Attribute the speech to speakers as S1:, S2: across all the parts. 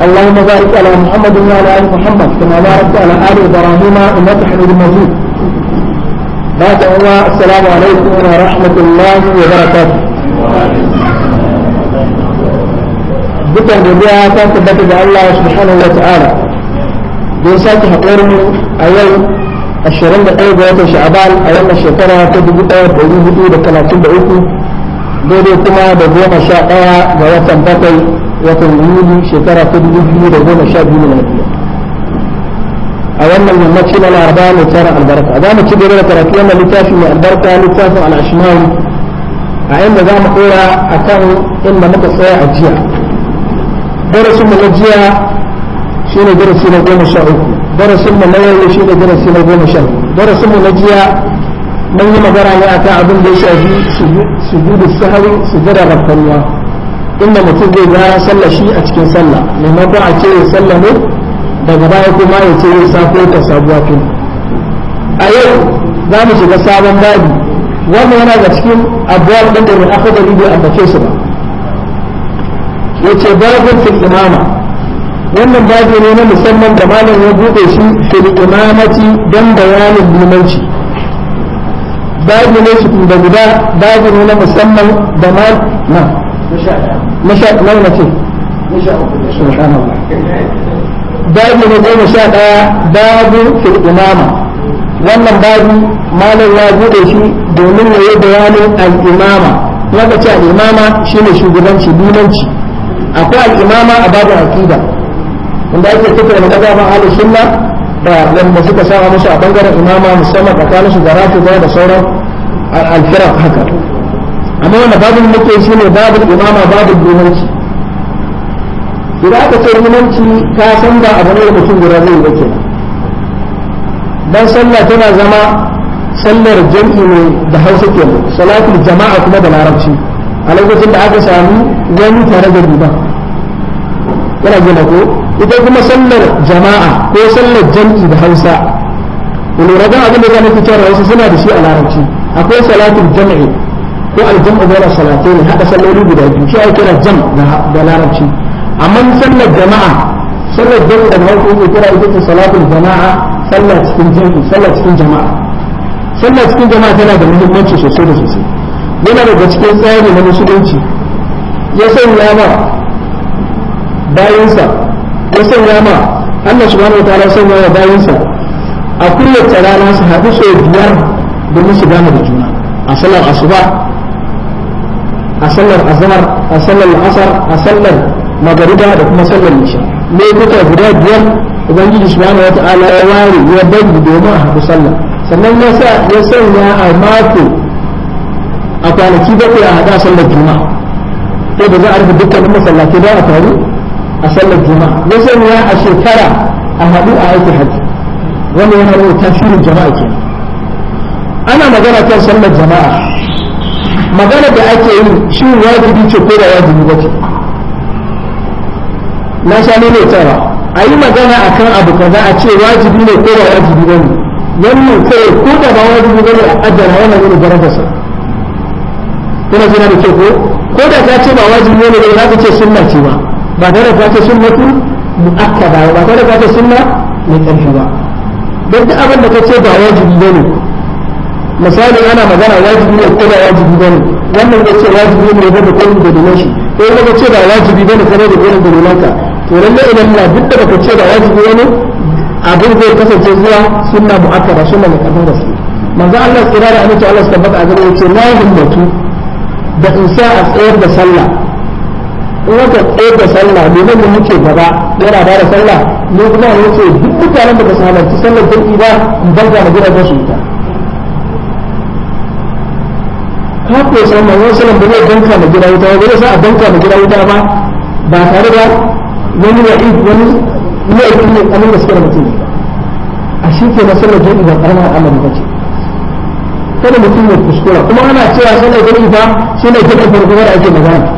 S1: اللهم بارك على محمد وعلى ال محمد كما باركت على ال ابراهيم انك حميد مجيد بعد الله السلام عليكم ورحمه الله وبركاته dukkan godiya ta tabbata ga Allah subhanahu wa ta'ala don sake haɗuwar mu a yau 21 ga watan sha'aban a wannan shekara ta 1433 daidai kuma da goma sha ɗaya ga watan bakwai watan yuli shekara ta dubu biyu da goma sha biyu na miladiya a wannan yammaci na laraba mai tara albarka za mu ci gaba da karatu wannan littafi mai albarka littafin al'ashimawi a inda za mu ɗora a kan inda muka tsaya a jiya darasin mu na jiya shi ne darasi na goma sha uku darasin mu na yau shi ne darasi na goma sha uku darasin mu na jiya mun yi magana ne akan abin da ya shafi sujudu sahawi sujudar rabbanwa inda mutum zai gara sallah shi a cikin sallah maimakon a ce ya sallah ne daga baya kuma ya ce ya safo ta sabuwa tun a yau za mu shiga sabon babi wannan yana ga cikin abuwar ɗan da aka da ribe a bace su ba yace babin fil imama wannan babi ne na musamman da malam ya buɗe shi fil imamati don bayanin limanci babi ne su da guda babi ne na musamman da malam
S2: na sha
S1: ɗaya na ce babu na goma sha ɗaya babu wannan babu malam ya bude shi domin ya yi bayanin al'imama wanda ce al'imama shi ne shugabanci limanci akwai al'imama a babu akida inda ake tattara da ƙazaban ahlus sunna da wanda suka saba musu a bangaren imama musamman tsakanin su da rafi da sauran alfirar haka kuma wani babin muke shi ne babin imama babin limanci idan aka ce limanci ka san ba abu ne mutum guda zai yi ke dan sallah tana zama sallar jam'i ne da hausa ke mu salatul jama'a kuma da larabci a lokacin da aka samu wani tare da liman yana gina ko ita kuma sallar jama'a ko sallar jam'i da hausa lura da abin da zama fitar hausa suna da shi a larabci akwai salatul jam'i ko aljam'u bayna salatayn hada salloli guda biyu shi ake kira jam da larabci amma sallar jama'a sallar jama'a da hauka ko kira ita ce salatul jama'a sallar cikin jami'i sallar cikin jama'a sallar cikin jama'a tana da muhimmanci sosai da sosai yana daga cikin tsari na musulunci ya sanya ma bayansa ya sanya ma Allah subhanahu wa ta'ala sanya ma bayansa a kullum tsara nasu haɗu sau biyar domin su gane da juna a salar asuba a sallar azhar a sallar asar a sallar magariba da kuma sallar isha lokuta guda biyar ubangiji subhanahu wataala ya ware ya dangi domin a haɗu sallar sannan ya sa ya sanya a mako a kwanaki bakwai a haɗa sallar juma'a ko da za a rufe dukkanin masallatai ba a taru a sallar juma'a ya sanya a shekara a haɗu a aiki hajji wannan yana nuna tasirin jama'a kenan ana magana kan sallar jama'a magana da ake yi shi wajibi ce ko da wajibi ba ce na sha ne mai tsara a yi magana a kan abu kaza a ce wajibi ne ko da wajibi ba ne wannan kai ko da ba wajibi ba ne a ajiyar wannan ne darajarsa kuna jina da ke ko ko da ta ce ba wajibi ne ba za ta ce sunna ce ba ba tare da ta ce sunnatu mu'akkada ba tare da ta ce sunna mai ƙarfi ba don duk abin da ce ba wajibi ba ne misali ana magana wajibi ne ko ba wajibi bane wannan da ce wajibi ne ba da kullu da dole shi ko ba ce ba wajibi bane kuma da kullum da dole ka to lalle idan na duk da baka ce ba wajibi bane abin zai kasance zuwa sunna mu'akkada sunna mai kafin gaske manzo Allah tsira da annabi Allah subhanahu wa ta'ala yace la himmatu da in sa a tsayar da sallah in aka tsayar da sallah domin mu muke gaba yana ba da sallah ne kuma yace duk mutanen da ba su halarci sallar jami'i ba in barka da gidajen su ta ta ko san manzon sallam ba zai danka na gida wuta ba ma ba ba tare da wani wani laifin ne kamar da suka mutum a shi ke na sallar ba karamar ba ce kada mutum ya kuskura kuma ana cewa sallar jami'i ba shi ne farko da ake magana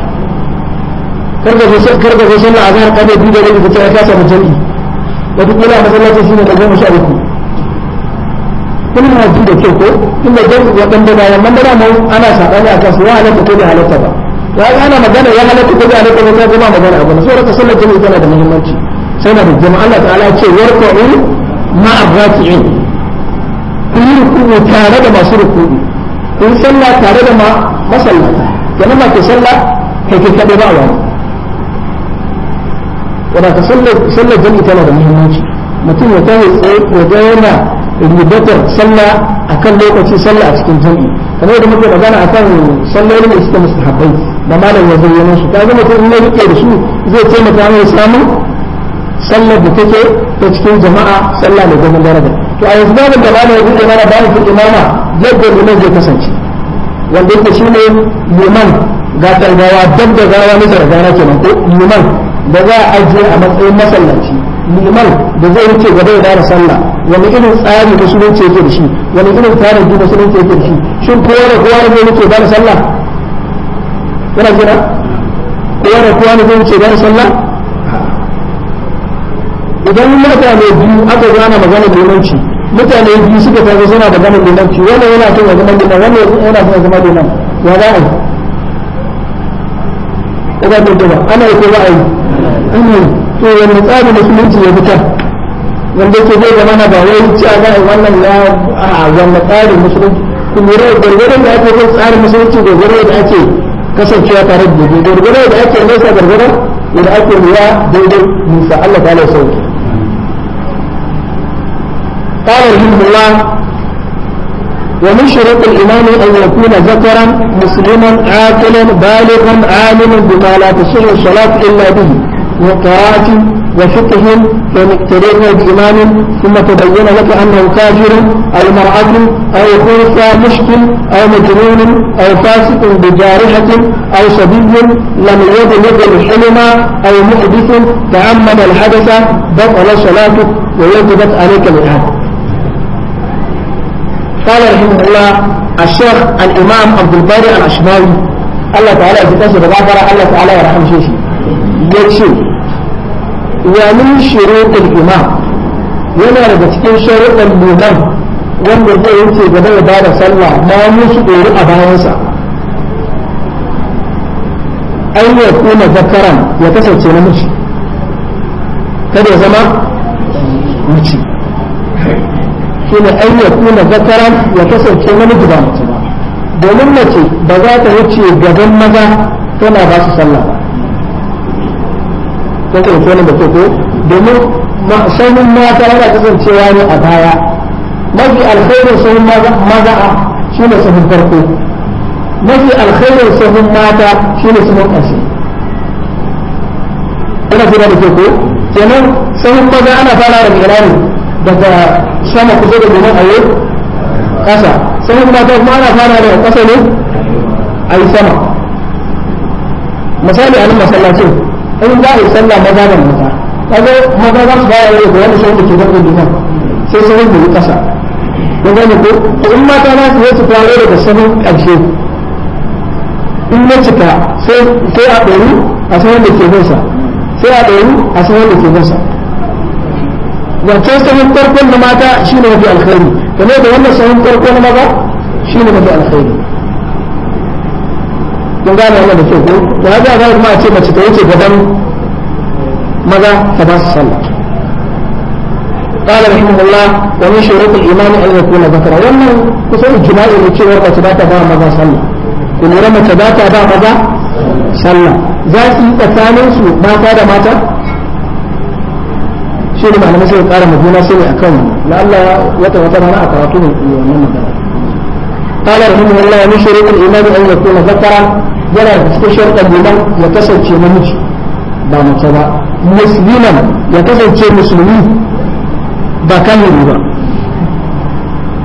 S1: karka zo sallar azhar kada da rabi ya kasa da jami'i wata kila masallaci shi ne da goma sha uku kun na ji da kyau ko inda jazu ya dan daga wannan dara mu ana sabani akan su ya halatta ko bai halatta ba ya ana magana ya halatta ko bai halatta ba ko kuma magana abu ne sai ka sallar jami'i tana da muhimmanci sai da jama'a Allah ta'ala ce warqa'u ma'a raki'in ku yi ruku'u tare da masu ruku'u kun yi sallah tare da masallata kenan ba ke sallah kai kai kaɗai ba wani wadda ka sallar jami'i tana da muhimmanci mutum ya tashi tsaye ko yana ribatar sallah akan lokaci sallah a cikin jami'i kamar da muke magana akan sallolin da suke mustahabbai da malam ya yana su ta zama ne rike da su zai taimaka mai samun sallar da take ta cikin jama'a sallah mai zaman daraja to a yanzu babin da malam ya buɗe mana ba fi imama yadda ne zai kasance wanda yake shine liman ga targawa dab da gawa na zargana kenan ko liman da za a ajiye a matsayin masallaci liman da zai wuce gaba ya fara sallah wani irin tsari musulunci yake da shi wani irin tarihi musulunci yake da shi shin kowa da kowa ne yake wuce fara sallah yana jira kowa da kowa ne zai wuce fara sallah idan mutane biyu aka gana magana da limanci mutane biyu suka tafi suna da ganin limanci wannan yana son ya zama liman wannan yana son ya zama liman ya za a yi ana yi ko ba a yi to wani tsari musulunci ya fitar wanda ke zai zama na ba ci a gane wannan na a wani tsari musulunci kuma gargarar da ake kan tsari musulunci gargarar da ake kasancewa tare da daidai gargarar da ake nesa gargarar da ake ruwa daidai musa Allah ta lai sauki قال رحمه الله ومن شروط الإمام أن يكون ذكرا مسلما عاقلا بالغا عالما بما لا تصح الصلاة إلا به وقراءه وفقه فإن اقتدينا ثم تبين لك أنه كافر أو مرأة أو خلصة مشكل أو مجنون أو فاسق بجارحة أو صبي لم يبلغ الحلم أو محدث تعمد الحدث بطل صلاتك ووجبت عليك الإعادة قال رحمه الله الشيخ الإمام عبد الباري العشماوي الله تعالى إذا كسب الله تعالى يرحم شيخي ya ومن شروط الإمام yana daga cikin sharuɗan liman wanda zai wuce gaba da bada sallah ma musu ɗori a bayansa an ya kuma zakaran ya kasance na namiji kada ya zama mace shi ne an ya kuma zakaran ya kasance na namiji ba mace ba domin mace ba za ta wuce gaban maza tana ba su sallah ba ko ko ko da ko ko domin sanin mata yana kasancewa ne a baya mafi alkhairin sanin maza shi ne sanin farko mafi alkhairin sanin mata shi ne sanin ƙarshe ina jira da ke ko kenan sanin maza ana fara da mirani daga sama kusa da domin ayo kasa sanin mata kuma ana fara da kasa ne a yi sama misali a nan masallacin in za a yi sallah maza da mata kaga maza za su fara yau da wani sai da ke da liman sai sai da yi kasa ko gane ko in mata za su su fara daga sanin ƙarshe in na cika sai a ɗoru a sanar da ke gansa sai a ɗoru a sanar da ke nesa wancan sanin farkon na mata shi ne mafi alkhairi kamar da wannan sanin farkon na maza shi ne mafi alkhairi kun gane wannan da ke ko to haka ga kuma a ce mace ta wuce gaban maza ta ba su sallah قال رحمه الله ومن شروط الإيمان أن يكون ذكرا ومن كسر الجماع اللي تشير وتبات با ماذا صلى كل رمى تبات با ماذا صلى ذات تكامل سوء ما كان ماتا shi ne malamai sai ƙara magana sai ne akan la Allah wata wata rana a karatu ne wannan magana qala rahimahullah min shuruط al-iman an yakuna dhakara yana da cikin sharɗan liman ya kasance namiji ba mace ba musliman ya kasance musulmi ba kamiri ba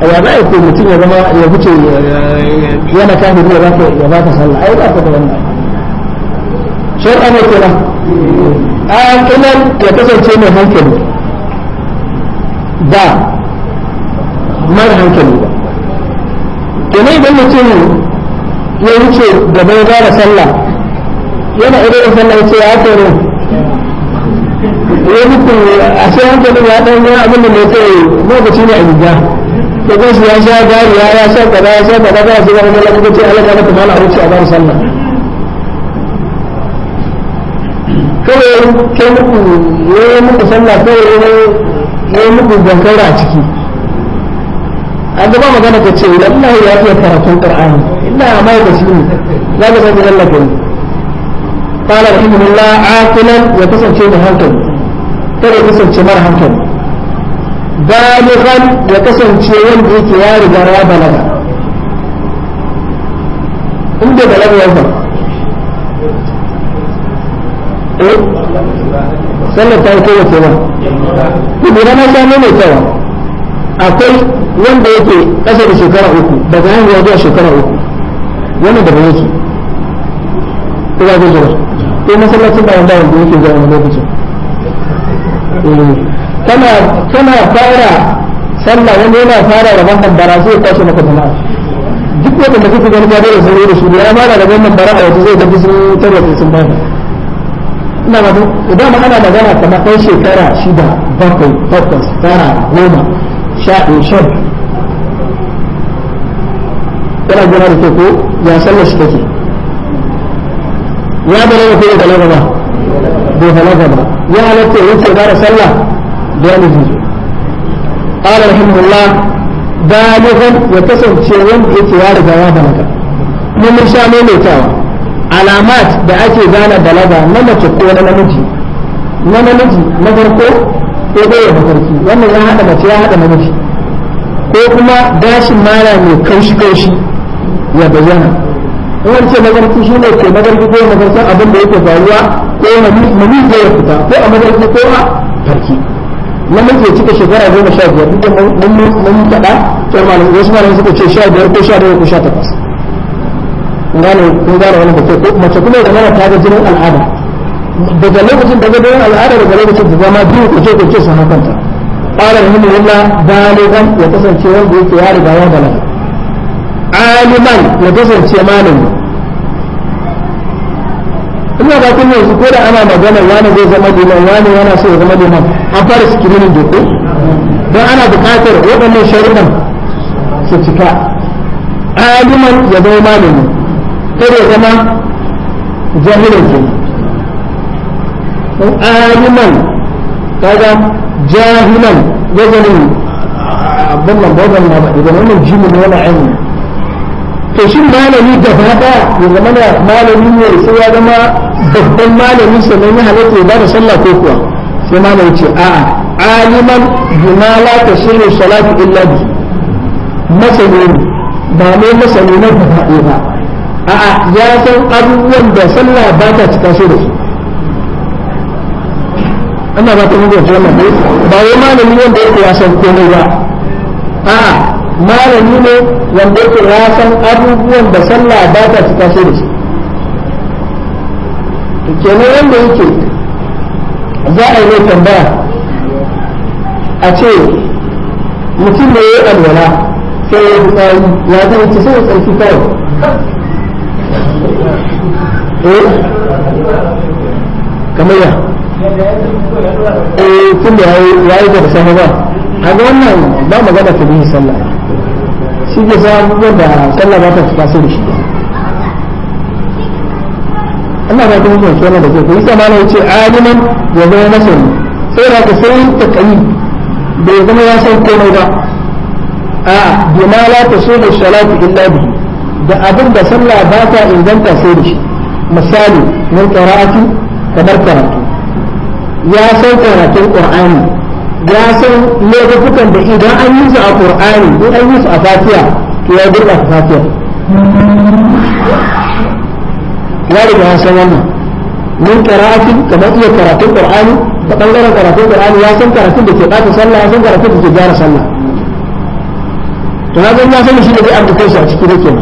S1: a ya za a ko mutum ya zama ya wuce yana kamiri ya ba ka sallah ai ba ka da wannan shar'a ne kenan a kinan ya kasance mai hankali ba mara hankali ba kenan idan mutum ya wuce da bai gara sallah yana ido da sallah ya ce ya kare ya mutu a sai hankalin ya ɗan yana abin da mai tsaye lokaci ne a gida ko kuma ya sha gari ya ya sha gaba ya sha gaba ba su gaba da lokaci ala gaba ta mala a wuce a gara sallah kawai kai muku ya yi muku sallah kawai ya yi muku gankara a ciki a gaba magana ta ce wallahi ya fiye karatun ƙar'ani da mai da shi ne za ka san zallar da ni qala rahimahullah aqilan ya kasance da hankali kada ya kasance mara hankali balighan ya kasance wanda yake ya riga ya balaga in bai balaga ya fa eh sallar ta yi kowace ba kuma rana samu mai kyawa akwai wanda yake ƙasa da shekara uku daga hanyar zuwa shekara uku wannan da yake ina ga jira ko masallacin bayan bayan da yake zuwa wani lokacin eh, kana kana fara sallah wanda yana fara da bankan bara sai ya tashi maka sana'a duk wanda da kuka gani gaba da sauri da shi ya fara da bankan bara a waje zai tafi sun tarwata sun bada ina ma idan ma ana magana kamar ɗan shekara shida bakwai takwas tara goma sha ɗaya eh, shan Kana gona da ko ya sallar shi take ya balaga ko ya balaga ba bai balaga ba ya halatta ya wuce gara sallah da ya kasance wanda رحمه الله بالغا يكسر شيئا اتيار جواب لك من شام ميتاو علامات da ake gane balaga na mace ko na namiji na namiji na farko ko dai ya farki wannan ya hada mace ya hada namiji ko kuma gashin mara mai kaushi kaushi ya bayyana in ce magarci ne ke magarci ko magarcin abin da yake faruwa ko mani zai fita ko a magarci ko a farki na ya cika shekara goma sha biyar duk da mun faɗa kyar malam wasu malam suka ce sha biyar ko sha biyar ko sha takwas gane kun gane wani da ko mace kuma da mara ta ga jinin al'ada daga lokacin da gado al'ada daga lokacin da zama biyu ko ce kwace kwace sun hakanta ƙarar himmulillah dalilan ya kasance wanda yake ya riga ya balaga aliman ya kasance malami ina ba kun yanzu ko da ana magana wani zai zama liman wani yana so ya zama liman an fara sikirinin doko don ana buƙatar waɗannan sharuɗan su cika aliman ya zama malami kada ya zama jahilin kenan aliman kaga jahilan wazanin abin nan wazanin na ba idan wannan jimin wani ainihin to shi malami da daya ya zama da malami ne sai ya zama babban malami sannan ya halatta ya bada sallah ko kuwa sai malami ce a'a aliman bima la tasilu salatu illa bi masani ba ne masani na gaba ba a'a ya san abubuwan da sallah ba ta cika su da su ana ba ta da jama'a ba wai malami da yake ya san komai ba a'a malami ne wanda yake ya san abubuwan da sallah ba ta cika shi da shi kenan wanda yake za a yi mai tambaya a ce mutum da ya yi alwala sai ya fitsari ya zai ci sai ya tsarki kawai eh kamar ya eh tun da ya yi da safe ba a ga wannan ba magana ta biyu sallah shi ke sa abubuwan da sallah ba ta cika sai da shi
S2: Allah ba ta yi hukunta
S1: wani da zai kuma sama ya ce aliman ya zama masani sai da ka sai ta kayi bai zama ya san komai ba a bima la ta so da salatu illa bihi da abin da sallah ba ta inganta sai da shi misali min karatu kamar karatu ya san karatun qur'ani ya san laifukan da idan an yi su a qur'ani in an yi su a fatiha to ya a fatiha ya riga ya san wannan min karatun kamar iya karatun ƙur'ani da ɓangaren karatun ƙur'ani ya san karatun da ke ɓata sallah ya san karatun da ke gyara sallah to na ya san shi da zai amsa kansa a ciki da nan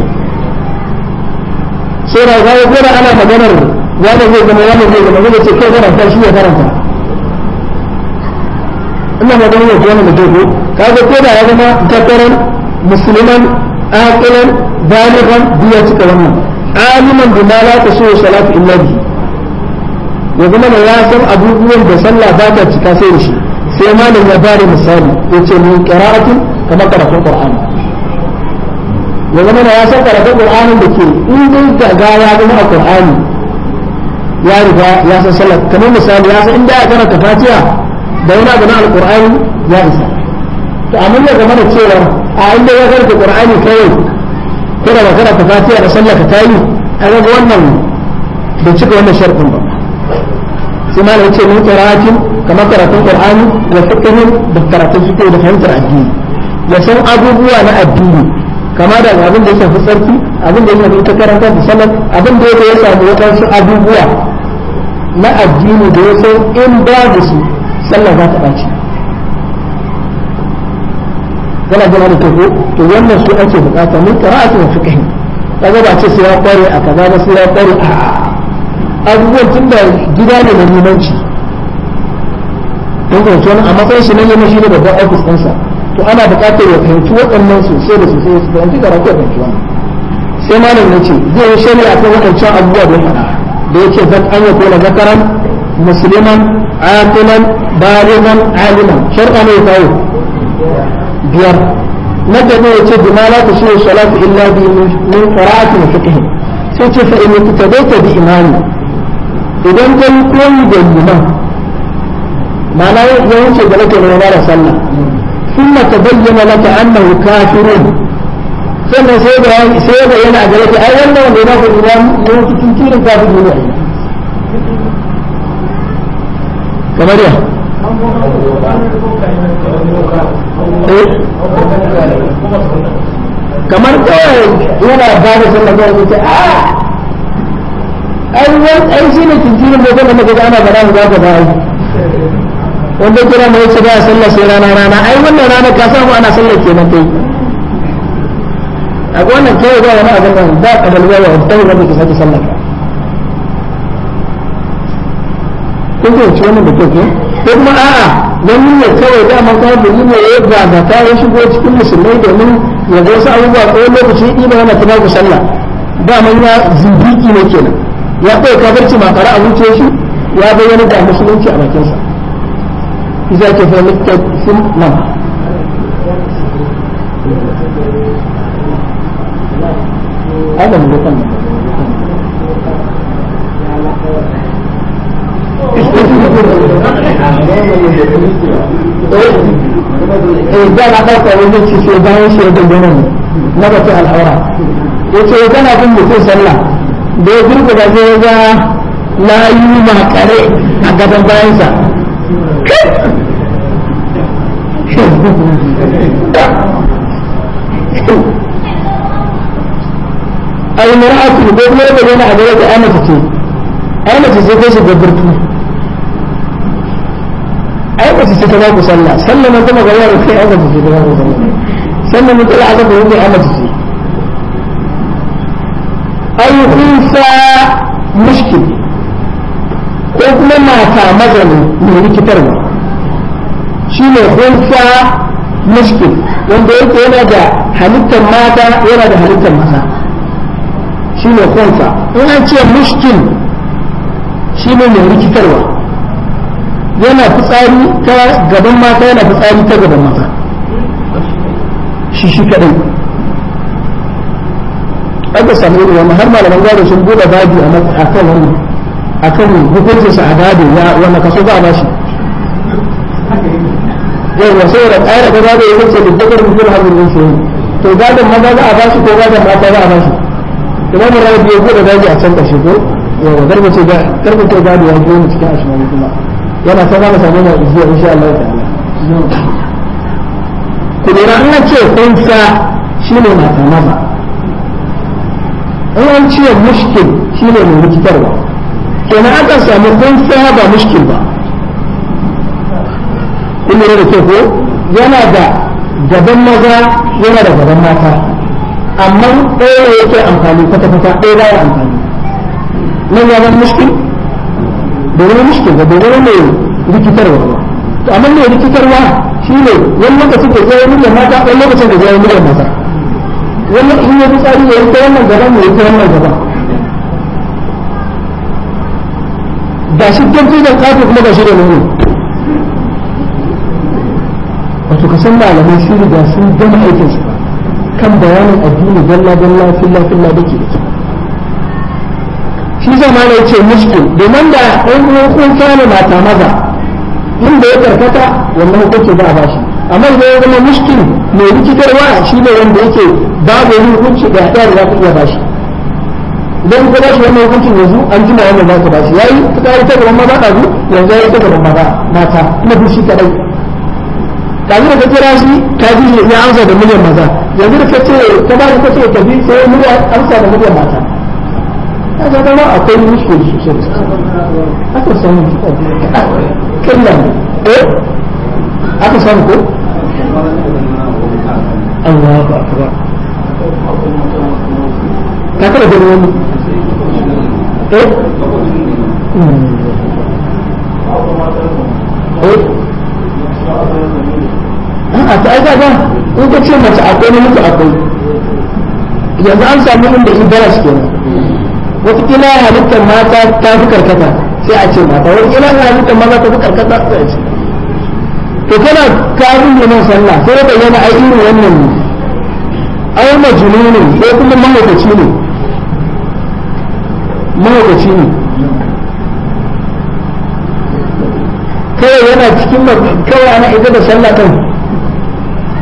S1: sai da ga ko da ana maganar wanda zai zama wanda zai zama zai ce kai karanta shi ya karanta ina ma ganin yau wani mutum ko kaga ko da ya zama jakaran musulman aqilan balighan biya cika wannan aliman bima la tasu salatu illa bi ya zama da ya san abubuwan da sallah ba ta cika sai da shi sai malam ya bada misali yace min qira'atin kamar karatun qur'ani ya zama da ya san karatun qur'anin da ke in dai ga ya zama a qur'ani ya riga ya san sallah kamar misali ya san inda ya karanta fatiha da wani abu na alkur'ani ya isa to amma ya zama da cewa a inda ya karanta qur'ani kai ko da kana ta fatiha da sallah ka tayi an ga wannan da cika wannan sharɗin ba sai malam ya ce mun qira'atin kamar karatun qur'ani wa fiqhin da karatun fiqh da fahimtar addini ya san abubuwa na addini kama da abin da ya shafi tsarki abin da ya shafi ta karanta da sallah abin da ya samu wadansu abubuwa na addini da ya san in babu su sallah za ta ɓaci kana gama da tafi to wannan su ake bukata mun a cikin fiqh kaga ba ce sai ya kware a kaza ba sai ya kware a abubuwan tunda gida ne na limanci don kwanci wani a matsayin shi na yamma shi ne babban ofis ɗinsa to ana buƙatar ya fahimci waɗannan sosai da sosai ya fahimci da rakuwa fahimci wannan sai malam ya ce zai yi shari'a kan waɗancan abubuwa da ya da ya ce zan an yi kona zakaran musulman عاقلا بالغا عالما شرطا ما يفعل بيار متى ما يتشد ما لا تشير الصلاة إلا من قراءة وفقه سيتي فإن اقتديت بإمامي إذا أنت يكون بالإمام ما لا يوجد لك الإمام صلى ثم تبين لك أنه كافر ثم سيدة سيبقى ينعجلك أولا في الإمام يوم كثير كافر من وحيد kamar ya eh? kamar kawai yana ba da sallah kawai sai a ah! ai wani ai shi ne tuntunin da kuma kaga ana faɗa mu za ka ba wanda kira mai yace ba sallah sai rana rana ai wannan rana ka samu ana sallah kenan kai a wannan kawai ba wani abin nan ba kabalwa wa ta wanda ke sake sallah kun fahimci wannan da kyau ko kuma a'a nan ne kawai da mun kawai da ne ya shigo cikin musulmai mun ya ga wasu abubuwa ko lokaci ina yana ku sallah da man ya zindiki ne kenan ya kai kafirci ma fara a wuce shi ya bayyana da musulunci a bakinsa iza
S2: eh da na
S1: farko wani ci ce bayan shi ya dangana ne na bata al'aura ya ce kana bin sallah da ya girka da zai ga layu makare a gaban bayansa المرأة تقول لي أنا aka ce ta ba sallah sallah man kai aka ta sallah aka mushkil ko kuma mata mazani ne rikitarwa shine unsa mushkil wanda yake yana da halittar mata yana da halittar maza shi unsa in an ce mushkil shine mai rikitarwa yana fitsari ta gaban mata yana fitsari ta gaban mata shi shi kadai aka samu wani har malaman gado sun bude babi a kan wani a kan sa a gado wanda kaso za a bashi yawa da tsara ta gado ya wuce da dakar mutum hannun yin shi to gadon maza za a bashi ko gadon mata za a bashi imam rabi ya bude babi a can kashe ko yawa garbace gado ya goma cikin ashirin kuma yana ta zama samu na izuwa insha Allah ta'ala ku lura an ce kunsa shine mata maza an ce mushkil shine mai rikitarwa kenan aka samu kunsa ba mushkil ba kun lura da ke ko yana da gaban maza yana da gaban mata amma ɗaya yake amfani kwata-kwata ɗaya ba ya amfani nan ya zama mushkil da wani ga ba da mai rikitarwa to amma mai rikitarwa shi ne wani lokacin da zai miliyan mata wani lokacin da zai miliyan mata wani in ya tsari ya yi ta wannan gaba ne ya ta wannan gaba ga shi don tunan kafin kuma ga shi da nuni wato ka san malamai sun riga sun gama aikinsu kan bayanin addini dalla dalla filla filla dake da shi shi zama na ce mushkil domin da ɗan kun kane mata maza inda ya karkata wannan hukunci ba ba shi amma da ya zama mushkil mai rikitarwa shi ne wanda yake babu wani hukunci da ya da ku iya ba shi idan ka ba shi wannan hukuncin yanzu an jima wannan za ka ba shi yayi ka tsari ta gaban maza ɗazu yanzu ya yi ta gaban maza mata na shi kaɗai ɗazu da ka kira shi ka ji ya amsa da miliyan maza yanzu da ka ce ka ba ka ce ta bi sai miliyan amsa da miliyan mata a zaga akwai aka samu aka samu ko eh?
S2: ka kada wani eh? hmm. eh? a ta aika ba in ka ce mace akwai na
S1: mutu akwai yanzu an samu inda in balas kenan ya halitta mata ta fi karkata sai a ce mata ya halitta mata ta fi karkata sai a ce to kana kafin neman sallah sai da bayyana ai irin wannan ne ai majnunu ne sai kuma mahaukaci ne mahaukaci ne kawai yana cikin kawai ana ita da sallah kan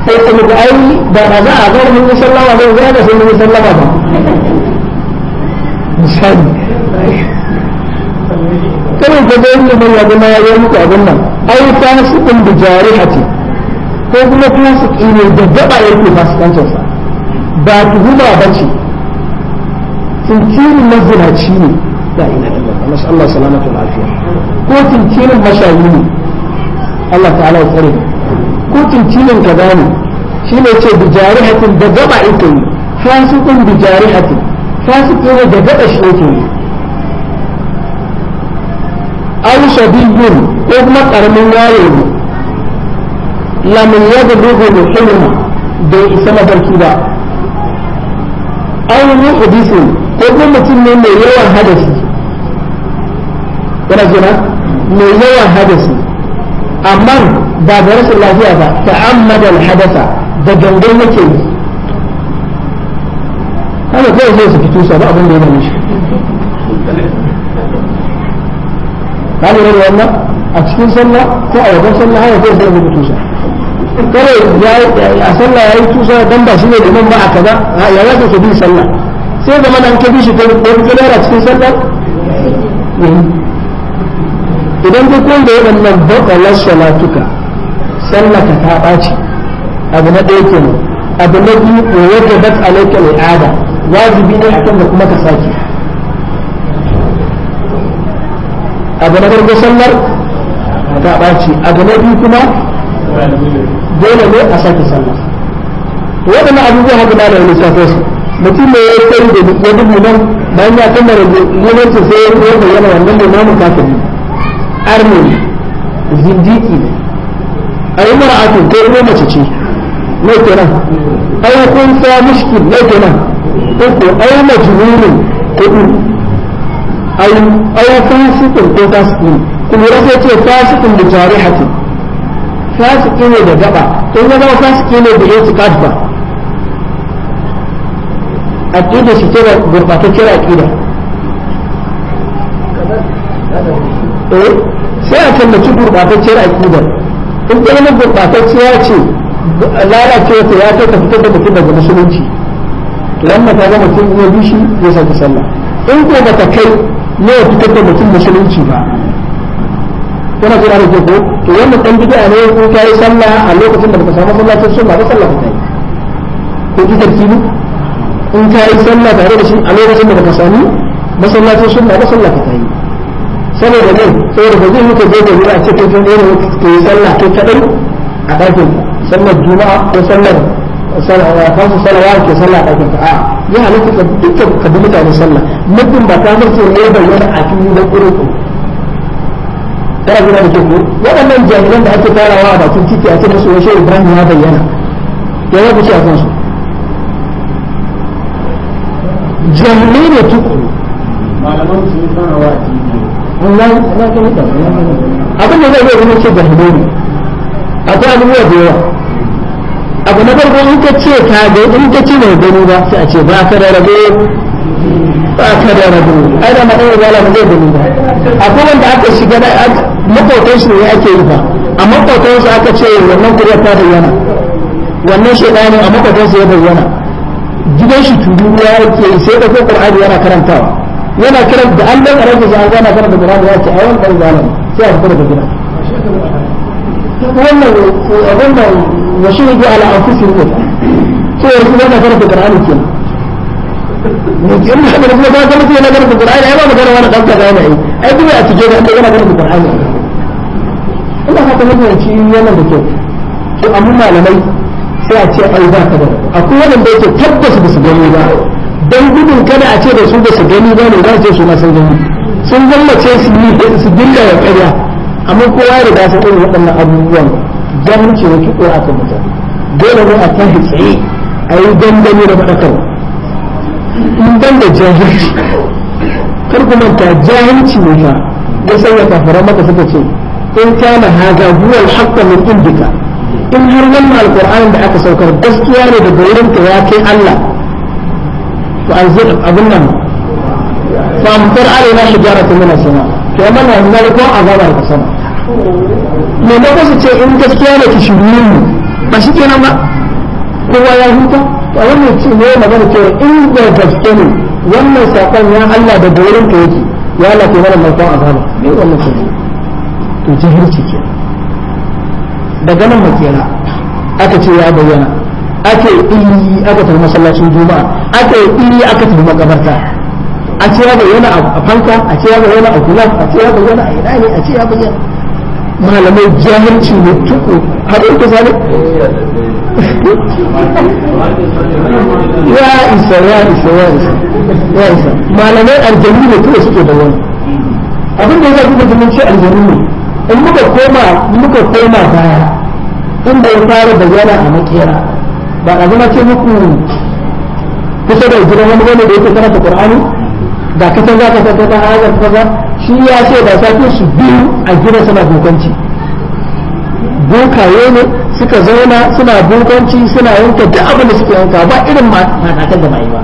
S1: sai kuma ai ba za a ga mun sallah ba za a ga sun mun ba misali kawai ka zai yi mai yadda ma ya muku abin nan ai fasikin da jarihati ko kuma fasiki ne da gaba yake fasikancinsa ba tuhuma ba ce tunkirin mazinaci ne la ila illallah masu Allah salamatu lafiya ko tuntunin mashayi ne Allah ta'ala ya tsare ko tunkirin kaza ne shine ce bijarihatin da gaba yake yi fasikin bijarihatin fasiki ne da gaba shi yake yi an shabiyun ko kuma karamin yaro ne lamin yadda dogo da hulma bai isa mafarki ba an hadisin ko kuma mutum ne mai yawan hadasi yana jira mai yawan hadasi amma ba da rashin lafiya ba ta'ammadal hadasa da gangan yake yi haka kawai sai su fito sabu abin da ya dame shi
S2: ka
S1: lura da wannan a cikin sallah ko a wajen sallah haka kawai sai su fito sa kare a sallah ya yi tusa dan ba shi ne da ba a kaza ya za ka bi sallah sai zama nan ka bi shi ko ka a cikin sallah eh. idan duk wanda ya wannan bakalar salatuka sallaka ta ɓaci abu na ɗaya kenan abu na biyu wa wajabat alaika al'ada wajibi ne a da kuma ka sake abu na farko sallar ta ɓaci abu na biyu kuma dole ne a sake sallar to waɗannan abubuwan haka malam ne sa su mutum ne ya kai da ya dubu nan bayan ya kammala gwamnati sai ya kuma da yana wannan limamin kafin arni zindiki ne a yi mara'atun ko mace ce ne kenan ayyukun sa mushkil ne kenan uku ai majnunin kudu ai ai fasikin ko fasikin kuma rasa ce fasikin da jarihati fasiki ne da gaba to ya zama fasiki ne da itiqad ba aqida shi tana gurbatacciyar aqida eh sai a tallaci gurbatacciyar aqida in ta zama gurbatacciya ce lalacewa ta ya kai ta fitar da mutum daga musulunci Lamma ta ga mutum ya bi shi ya saki sallah in ko ta kai ne ya fitar da mutum musulunci ba yana jira da ke ko to wannan dan bid'a ne in ka yi sallah a lokacin da baka samu sallah ta sunna ba sallah ta ko ki tartibi in ka yi sallah tare da shi a lokacin da baka samu masallacin sunna ba sallah ka yi saboda ne saboda ba zai yi ka je da wuri a cikin kai kai ne ka yi sallah ta kadai a dakin sallar juma'a ko sallar kamsu salawa ke sallah a ka a'a ya halatta ka duka ka bi mutane sallah muddin ba ta mace ne bayyana a fili da ƙuruku kana gina da kyau waɗannan jami'an da ake tarawa a bakin titi a ce musu wasu ibrahim ya bayyana ya yi kuce a kansu
S2: jami'ai ne tukuru malaman sun sanawa a titi
S1: abin da zai zai zama ce jami'ai ne akwai abubuwa da yawa abu na farko in ka ce ka ga in ka ce mai gani ba sai a ce ba ka da rabo ba ka da rabo ai da mai wala ba zai gani ba akwai wanda aka shiga da makotan shi ne ake yi ba a makotan shi aka ce wannan kuri ta da yana wannan shedani a makotan su ya bayyana gidan shi tudu ya yake sai da ko qur'ani yana karantawa yana kiran da Allah ya rage shi an gana karanta qur'ani ya a wannan dan sai a fita daga gidan wannan wannan وشهدوا على أنفسهم كفرا سورة كما ذكرت القرآن كنا mutum da kuma kuma kuma kuma na garin Qur'ani ai ba magana wani kanka ga yana yi ai kuma a cikin da kana garin Qur'ani ina ka kuma ci yana da kyau to amma malamai sai a ce ai ba ka da akwai wanda yake tabbas ba su gani ba dan gudun kada a ce da su ba su gani ba ne za su ce su ma sun gani sun gammace su yi su dinga ya ƙarya amma kowa ya riga sun irin waɗannan abubuwan wa kiɗo a kan mutane dole ne a tashi tsaye a yi dandami da faɗakarwa in ban da jahilci kar kuma ta jahilci ne fa ya sanya kafaran maka suka ce in kana haza huwa al-haqqa min indika in har wannan alqur'ani da aka saukar gaskiya ne da wurin ka ya kai Allah to zai abin nan fa amtar alaina hijaratan min as-sama to amma zai ko azabar sama maimakon su ce in gaskiya ne ki shiru mu ba shi kenan ba kowa ya huta a wannan ce ne magana cewa in da gaske ne wannan sakon ya Allah da gurin ka yake ya Allah ke wannan maikon azaba me wannan ce to jahilci ke daga nan makera aka ce ya bayyana aka yi iri aka tafi masallacin juma'a aka yi iri aka tafi makabarta a ce ya bayyana a fanka a ce ya bayyana a kula a ce ya bayyana a ina ne a ce ya bayyana malamai jahilci ne tuku har yau kusa ne
S2: ya isa ya isa ya isa
S1: ya isa malamai aljanu ne kawai suke da wani abin da ya zafi da ce aljanu ne in muka koma muka koma baya inda ya fara da yana a makera ba a zama ce muku kusa da gidan wani wani da yake karanta qur'ani da kasan za ka san ta hazar kaza shi ya ce da sa su biyu a gida suna bokanci bokaye ne suka zauna suna bokanci suna yanka da abin da suke yanka ba irin matakan da mai ba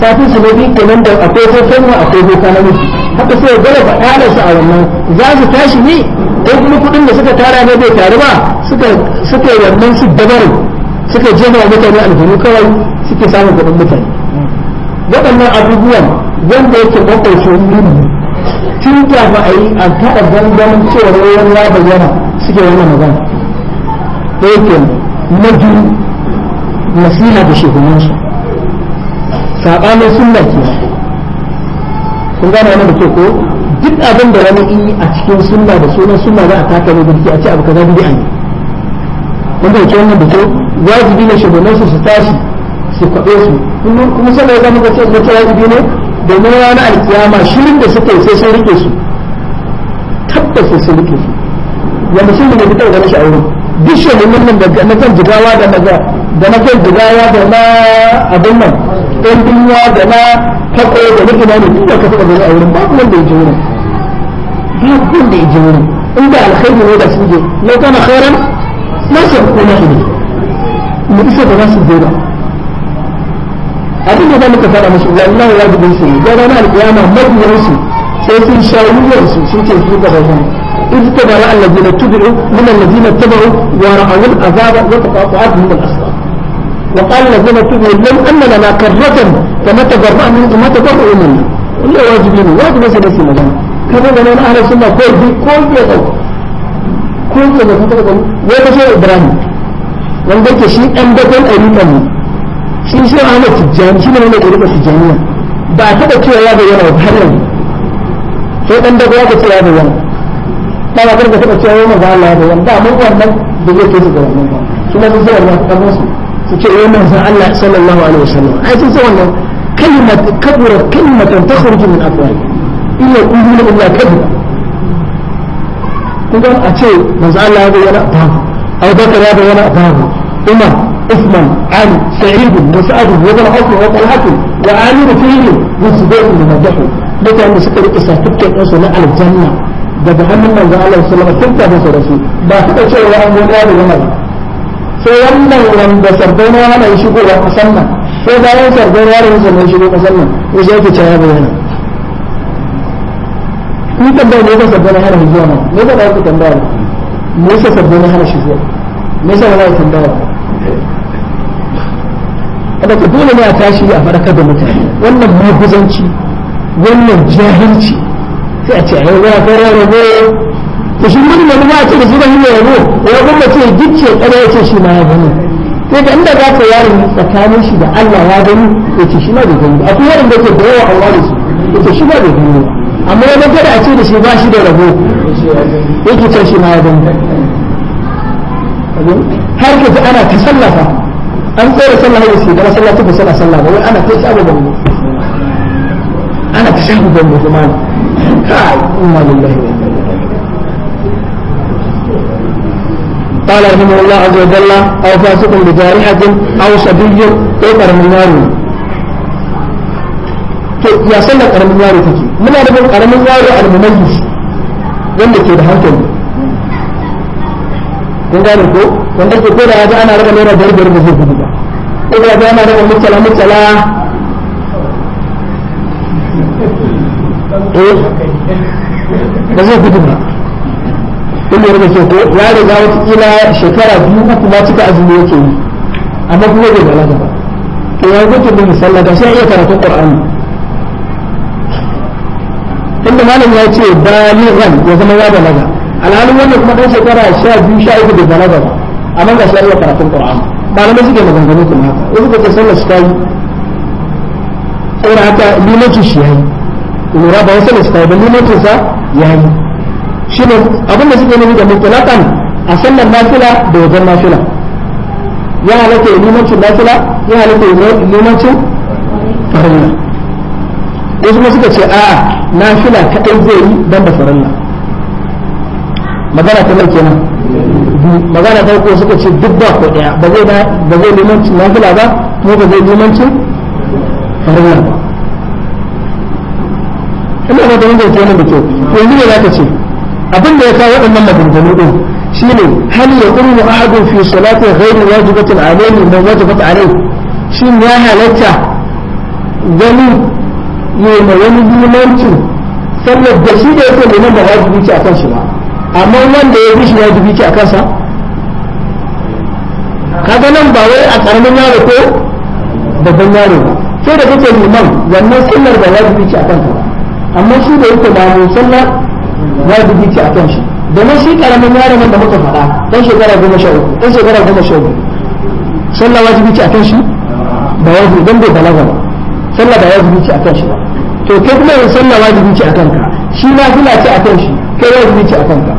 S1: safin su ne biyu kenan da akwai zafin mu akwai boka na mutu haka sai gara ba su a wannan za su tashi ne ko kuma kuɗin da suka tara ne bai tare ba suka yi wannan su dabar suka je wa mutane alfanu kawai suke samun kuɗin mutane waɗannan abubuwan wanda yake makwai shi wani tun kafin a yi a taɓa gangamin cewar wani ya bayyana suke wani magana ɗaya eh, ke na biyu nasiha da shugabansu saɓanin sunna ke kun gane wani da ke ko duk abin da wani yi a cikin sunna da sunan sunna za a taka ne birki a ce abu kaza biya ne kun dauke wannan da ke wajibi ne shugabansu su tashi su kwaɓe su kuma saboda zama ga ce wajibi ne domin ranar alkiyama shirin da suka yi sai sun rike su tabbas sai sun rike su ya musulmi ne fitar ganin shi a wurin duk shirin nan da na kan jigawa da maza da na kan jigawa da na abin nan ɗan duniya da na tako da na ne duk da ka taɓa ganin a wurin babu wanda ya ji wurin babu wanda ya ji wurin inda alkhairi ne da suje je na kana khairan na shi kuma na ne mu isa da nasu su ba abin da muka fara musu wallahi wajibin su ga ranar alƙiyama mabiyan su sai sun sha wuyar su sun ce su gaba zan إذ تبرأ الذين تبعوا من الذين اتبعوا ورأوا العذاب وتقاطعت من الأسباب وقال الذين تبعوا لو أن لنا كرة كما تبرأ منكم ما تبرأوا منا قل واجبين واجب ليس ليس مدام كما بنون أهل السنة كل دي كل دي كل دي كل دي ويقول إبراهيم wanda ke shi ɗan dakon ayyukan shi shi ma mai tijjani shi ne mai ɗariƙa tijjaniya ba a taɓa cewa ya bayyana ba har yanzu sai ɗan daga ya ce ya bayyana ba ba karka cewa yana ba Allah ya bayyana ba mun wannan da zai kai su ga wannan ba ma sun sayar da ƙarfin su su ce ya manzan Allah sallallahu alaihi wasallam ai sun san wannan kalimat kabura kalimatan takhruju min afwahi illa quluna illa kadhiba kun ga a ce manzan Allah ya bayyana ba Abu Bakar ya bayyana ba Umar أثمان عالي سعيد وسعد وضل حصل وضل حكم وعالي رفيل وصدق من مدحه متى أن سكر القصة تبكي الأسوة على الجنة جد عن من قال الله صلى الله عليه وسلم سنتا رسول باكتا شعر وعن من قال ومال فيما وان بسردنا وانا يشكو وقصنا فيما وان سردنا وانا يشكو وقصنا وجاءت شعابي هنا كنت بدأ ماذا سردنا هنا هزوانا ماذا بدأت تنبالي ليس سردنا هنا شفوة ليس ولا يتنبالي saboda ka dole ne a tashi a farkar da mutane wannan mahuzanci wannan jahilci sai a ce a yau ya fara rabo to shi mun ne ba a ce da shi ba shi ya rabo ya kuma ce dukke kada ya ce shi ma ya gani sai da inda za ka yaro tsakanin shi da Allah ya gani ya ce shi ma da gani akwai yaron da ke da yawa a wani su ya ce shi ma da gani amma ya da a ce da shi ba shi da rabo yake ce shi ma ya gani har ka ji ana ta sallafa an tsere sallah ya shiga masallaci ba sallah sallah ba wai ana ta shafa bambu ana ta shafa bambu kuma kai inna lillahi wa قال رحمه الله عز وجل أو فاسق بجارحة أو صبي أو قرن يا سنة قرن يارو من هذا قرن يارو المميز wanda ke da hankali kun wanda ke ko da ya ji ana raba naira biyar biyar ba zai gudu ba ko da ya ji ana raba mutala mutala
S2: eh, ba zai
S1: gudu ba kun lura da ke ko ya riga watakila shekara biyu uku ma cika azumi yake yi amma kuma bai balaga ba to ya gudu da misalla ga sai iya karatun qur'ani inda malam ya ce balighan ya zama ya balaga alhalin wannan kuma dan shekara sha biyu sha uku balaga ba amma ga shari'a karatun qur'ani malamai suke maganganu kuma haka wasu ka ce sallar su tayi saboda haka limanci shi yayi lura ba wasu su tayi ba limancin sa yayi shi ne abin da suke nufi da mutlaqan a sallar nafila da wajen nafila ya halatta limancin nafila ya halatta limancin farilla wasu kuma suka ce a'a nafila kadai zai yi dan da farilla magana ta mai kenan biyu magana farko suka ce duk ba ko daya ba zai ba zai limanci ba kuma ba zai limanci farina ba ina ba ta wanda zai tsaye da kyau yanzu ne za ka ce abin da ya kawo waɗannan maganganu ɗin ne hali ya qulu ahadu fi salati ghayri wajibatin alayhi man wajibat alayhi shin ya halatta wani ne ma wani limanci sallar da shi da yake neman da wajibi ce akan shi ba amma wanda ya bishi ya dubi ki a kansa kaga nan ba wai a karamin yaro ko babban yaro ba sai da kake liman wannan sallar ba ya dubi ki a kansa amma shi da yake ba mu sallar ya dubi ki a kan shi domin shi karamin yaro nan da muka faɗa dan shekara goma sha uku dan shekara goma sha uku sallah wajibi ce a kan shi ba wajibi dan bai balaga ba sallah ba wajibi ce a kan shi ba to kai kuma yin sallah wajibi ce a kanka shi ma fila ce a kan shi kai wajibi ce a kanka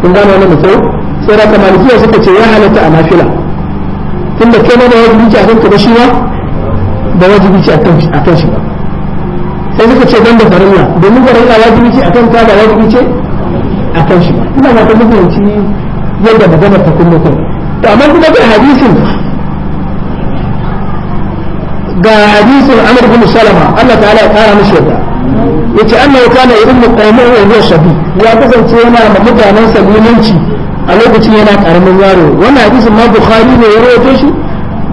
S1: kun gane wannan da kyau sai raka malikiya suka ce ya halatta a nafila kai ma da wajibi ce a kanka ba shi ba wajibi a kan shi ba sai suka ce ban da farilla domin farilla wajibi a kan ba wajibi a kan shi ba ina ma ta mutunci yadda maganar ta kuma kuma ga hadisin ga bin Salama Allah ta'ala ya kara mishi yadda yace annahu kana irin muqaymin wa huwa shabi ya kasance yana da mutanen sabilanci a lokacin yana karamin yaro wannan hadisin ma bukhari ne ya rawaito shi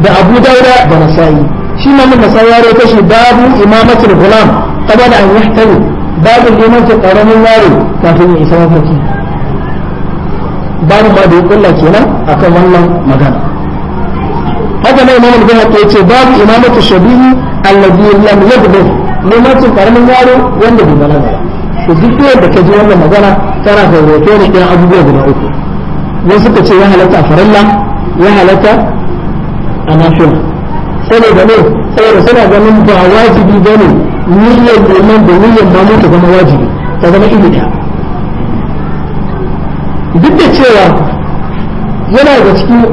S1: da abu daura da nasa'i shi ma mun nasa'i ya rawaito shi babu imamatul gulam qabla an yahtali babu limanci karamin yaro kafin ya isa mafarki babu ma da ya kulla kenan akan wannan magana haka na imamul gulam ya ce babu imamatu shabihi alladhi lam yadbur muhimmancin karamin yaro wanda bai balaga to duk da ka ji wannan magana tana da roto ne ɗan abubuwa guda uku wasu suka ce ya halatta a farilla ya halatta a nafila saboda ne saboda suna ganin ba wajibi ba ne niyyar domin da niyyar mamu ta zama wajibi ta zama ilimi duk da cewa yana da cikin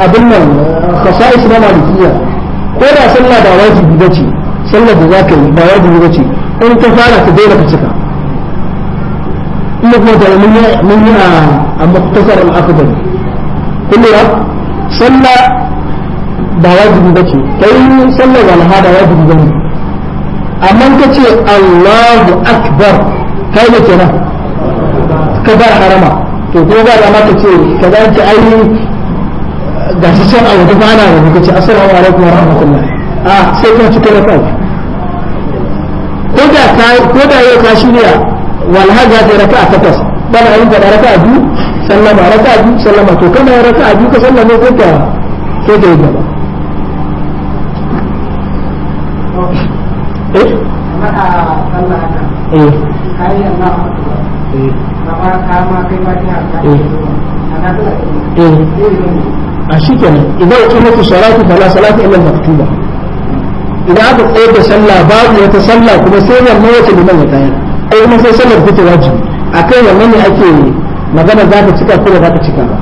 S1: abin nan eh, kasa'is na malikiya ko da sallah ba wajibi ba ce sallar da za ka yi ba wajibi ba ce in ka fara ka daina ka cika ina kuma tare mun yi a muktasar al'akadar kullum sallah ba wajibi ba ce kai sallar walha ba wajibi ba ne amma ka ce Allahu akbar kai ne kenan ka bar harama to ko ba da ka ce ka za ki ai gashi can a wata ba na wajen ka ce assalamu alaikum wa rahmatullahi a ah, sai ka fito da ko da ka da yau ka shirya walha za ta raka a takwas bana yin raka a biyu sallama raka a biyu sallama to kana raka a biyu ka sallama ko ka ko da yadda a shi kenan idan ya kuma salatu fala salatu illa maktuba idan aka tsaye da sallah babu wata sallah kuma sai wannan wata liman ya tayar ko kuma sai sallar fita wajibi akan wannan ne ake magana za ka cika ko ba za ka cika ba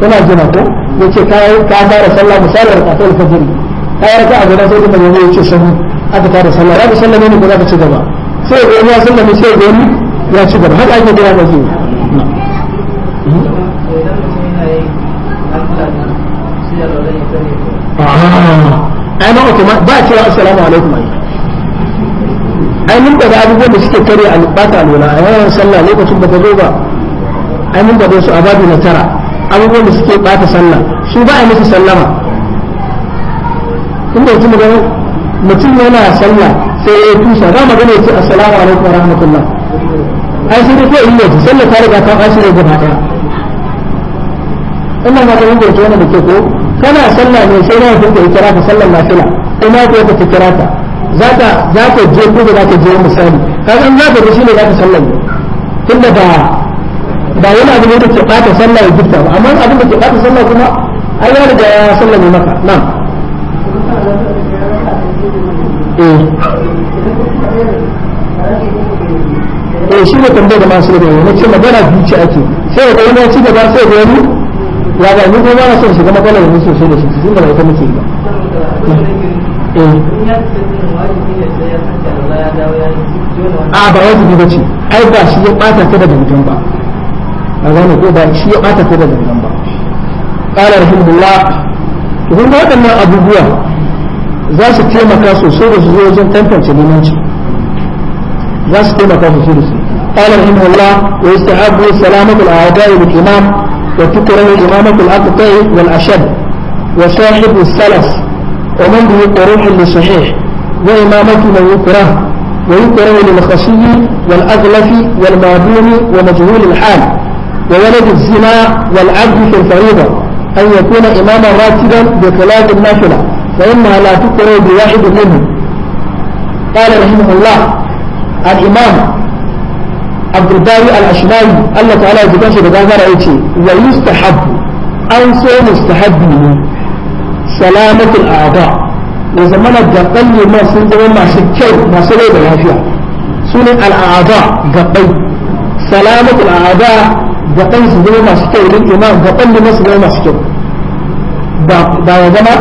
S1: kana jira ko yace ka ka fara sallah misalar ka ta fajr ka yi ka azara sai kuma yayin yace sahu aka fara sallah ba sallah ne ko za ka ci gaba sai ga ya sallah ne sai ga ya ci gaba haka ake jira ba shi Ah ai ma wata ba cewa assalamu alaikum ai ai mun da abubuwan da suke kare albata lola a yawan sallah lokacin ba zo ba ai mun da su ababi na tara abubuwan da suke bata sallah su ba a musu sallama inda mutum da mutum yana sallah
S2: sai ya tusa ba magana ya ce assalamu alaikum
S1: wa rahmatullah ai sai dai ko in ne sallah ta riga ta kashi ne gaba daya ina ma da wanda ya ce wannan da ke ko kana sallah ne sai na mahaifin ka kira ka sallar nafila ina ko ka ta kira ka za ka za ka je ko za ka je misali ka san za ka shi ne za ka sallar tunda ba ba wani abu ne da ke bata sallah ya gifta amma abin da ke bata sallah kuma ai ya riga ya sallar ne maka na'am eh, eh shi ne tambayar da masu da na ce magana biyu ce ake sai ya ga wani ya ci gaba sai ya ga wani ya ga ni kuma na son shiga matsalar da muke so da shi tunda ba ita muke ba eh.
S2: a ba wajibi ba ce
S1: ai ba shi ya bata ta da dangan ba a gane ko ba shi ya bata ta da dangan ba qala rahimullah to kun ga waɗannan abubuwa za su taimaka sosai da su zo wajen tantance limanci za su taimaka sosai da su wa رحمه الله ويستحب سلامة الأعداء بالإمام وتكره إمامة الأقطع والأشد وصاحب السلف ومن به قروح لصحيح وإمامة من يكره ويكره للخصي والأغلف والمابون ومجهول الحال وولد الزنا والعبد في الفريضة أن يكون إماما راتبا بخلاف النافلة فإنها لا تكره بواحد منهم قال رحمه الله الإمام abdulbari al-ashmari Allah ta'ala ya jikan shi da gagara ya ce wa yustahabbu an so mustahabbi ne salamatul a'da ya zamana da kalli ma sun zama masu kyau masu rai da lafiya su ne al'ada gaɓai salamatul a'da gaɓai su zama masu kyau don imam gaɓan ne masu zama masu kyau ba ya zama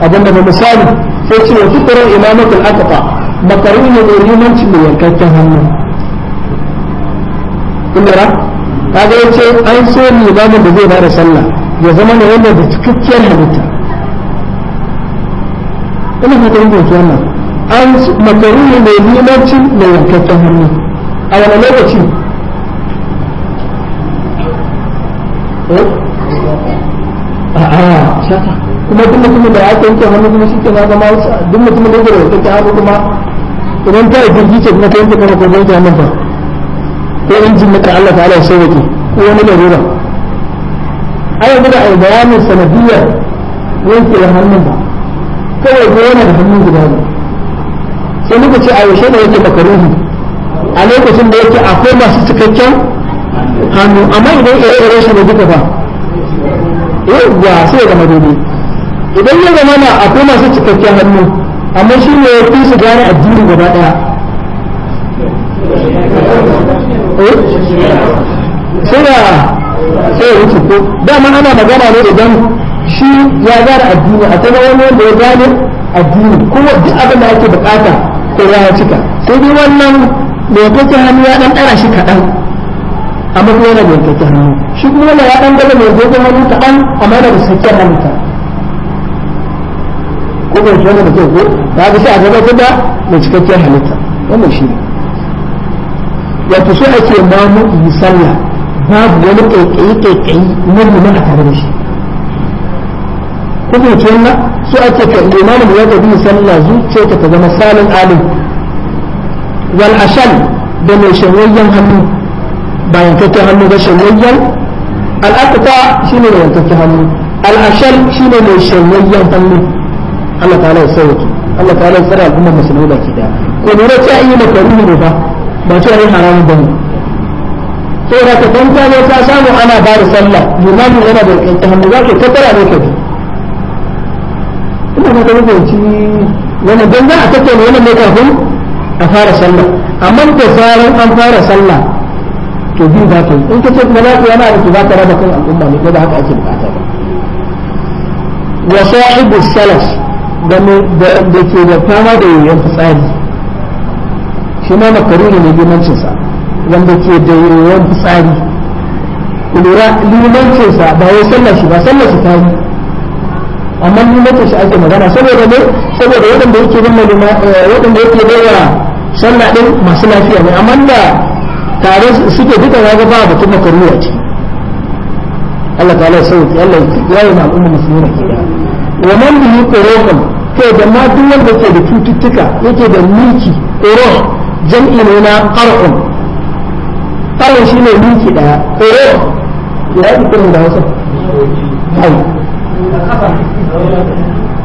S1: abin da misali sai ce wa fitarar imamatul aqaba makaruni ne limanci mai yankakken hannu kun lura kaga yace an so ne ba da zai ba da sallah ya zama ne wanda da cikakkiyar halitta ina fata yin gobe wannan an makaru ne mai limanci mai yankakken hannu a wani lokaci eh? kuma duk mutumin da ya yanke hannu kuma shi ke na zama duk mutumin da ya ke yanke hannu kuma idan ta yi jirgi ce kuma ta yanke kuma kuma yanke hannun ba ko injin naka Allah ta'ala sai sauke ko wani larura ai yanzu da ai bayanin sanadiyar wanke da hannun ba kawai ko yana da hannun guda ne sai muka ce a shi da yake makaruhi a lokacin da yake akwai masu cikakken hannu amma idan ya yi rashin da duka ba yawwa sai ya gama daidai idan ya zama na akwai masu cikakken hannu amma shi ne ya fi su gane addini gaba daya suna sai wuce ko dama ana magana ne idan shi ya gara addini a tana wani wanda ya gane addini kuma duk abin da ake bukata ko ya cika sai dai wannan mai hannu ya dan shi kaɗan amma kuma yana mai hannu shi kuma yana ya dan gaba mai hannu kaɗan amma yana da sakkiyar hannu ta ko shi wani da kyau ko ba ga shi a gaba da mai cikakkiyar halitta wannan shi ne wato su ake mamu yi sallah babu wani ƙaiƙayi ƙaiƙayi na a tare da shi kuma ce wannan so ake ka imamu da yadda bin sallah zuciyarka ta zama salin alim wal ashal da mai shanyayyen hannu bayan kake hannu ba shanyayyen al'akuta shine da yankakken hannu al'ashal shine mai shanyayyen hannu Allah ta'ala ya sauke Allah ta'ala ya tsara al'ummar musulmi baki da ko ne ta yi makaruhi ne ba ba ce ai haramun ba ne sai da ka tanta ne ta samu ana ba da sallah limamin yana da ƙanƙan hannu za ka tattara ne ka bi ina ma ta rubuci wannan dan za a tattauna wannan ne kafin a fara sallah amma da zaran an fara sallah to bi za ta yi in ka ce kuma za ka yana da za ta raba kan al'umma ne ko da haka ake bukata ba wa sahibu salas da ke da fama da yoyon fitsari shi ma makaruni ne limancinsa wanda ke da yawan fitsari lura limancinsa ba wai sallar shi ba sallar shi ta yi amma limancin shi ake magana saboda ne saboda waɗanda yake bin eh, waɗanda yake baiwa sallah ɗin masu lafiya ne amma da tare suke duka ya ga ba batun makaruni a ciki Allah ta lai sauki Allah ya yi al'umma musulmi ke da wa man bihi qurun kai da ma duk wanda ke da cututtuka yake da miki qurun jam'i ne na qarqun shi shine miki da ko ya yi kirin da wasu kai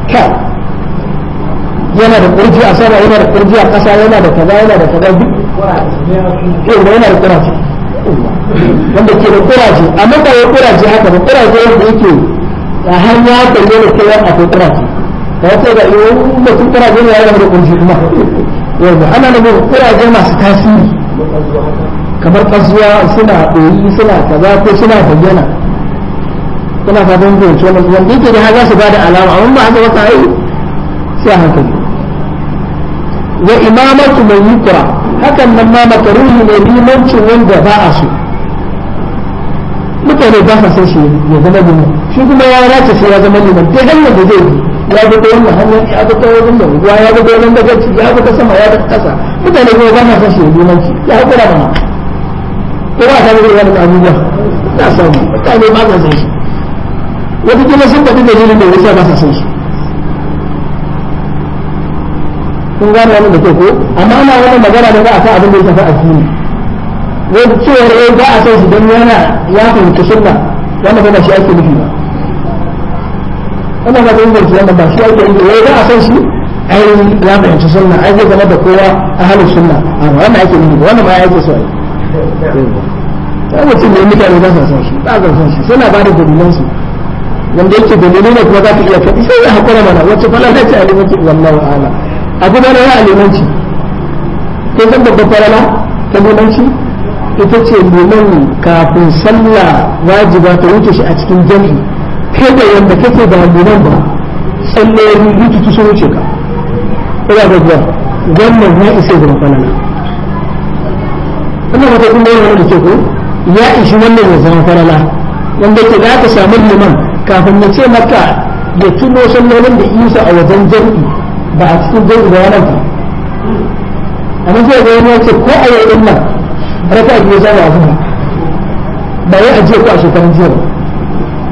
S1: ka yana da kurji a sama yana da kurji a kasa yana da kaza yana da kaza duk yana yana da kuraje wanda ke da kuraje amma ba ya kuraje haka ba kuraje wanda yake a hanya ta a kai akwai kuraje ba sai da yau mutum kuraje ne ya da kurji kuma yau ana nufin kuraje masu tasiri kamar kasuwa suna ɗoyi suna kaza ko suna bayyana suna fatan zuwa wani wanda yake da za su ba da alama amma ba haka wata yi sai ne wa imamatu mai yukura hakan nan ma makaruhi ne limancin wanda ba a so mutane ba sa san shi ya zama liman shi kuma ya race shi ya zama liman ta hanyar da zai ya bi ta wannan hanyar ya ga ta wajen da ruwa ya ga ta wajen da gaci ya ga ta sama ya ga ta kasa mutane kuma ba sa san shi ya limanci ya haƙura mana ko ba ta zai wani abubuwa na samu mutane ba sa son shi wata kuma sun tafi dalilin da wuce ba sa san shi kun gane wani da ke ko amma ana wani magana ne ba a ta abin da ya shafi addini wani cewar yau ba a son su don yana ya fahimci sunna wannan ba shi ake nufi ba wannan ba zai zarci wannan ba shi ake nufi wai ba a son shi ai ya fahimci sunna ai zai zama da kowa a halin sunna amma wannan ake nufi wannan ba ya ake so ai sai mutum ne mutane ba sa son shi ba sa son shi suna ba da dalilansu wanda yake dalilai ne kuma za ka iya faɗi sai ya haƙura mana wacce falala ce a limanci wallahu ala abu da na ya limanci ko san babbar falala ta limanci ita ce liman kafin sallah wajiba ta wuce shi a cikin jami'i kai da yanda kake da liman ba salloli lututu sun wuce ka ina ga zuwa wannan ya isa zuwa falala ba ta kuma yana da ko ya ishi wannan ya zama falala wanda ke za ka samu liman kafin na ce maka da tuno sallolin da isa a wajen jami'i ba a cikin jami'i ba wannan
S2: ba
S1: amma sai ga wani ya ce ko a yau din nan raka biyu za mu azumi ba ya ajiye ko a shekarun jiya ba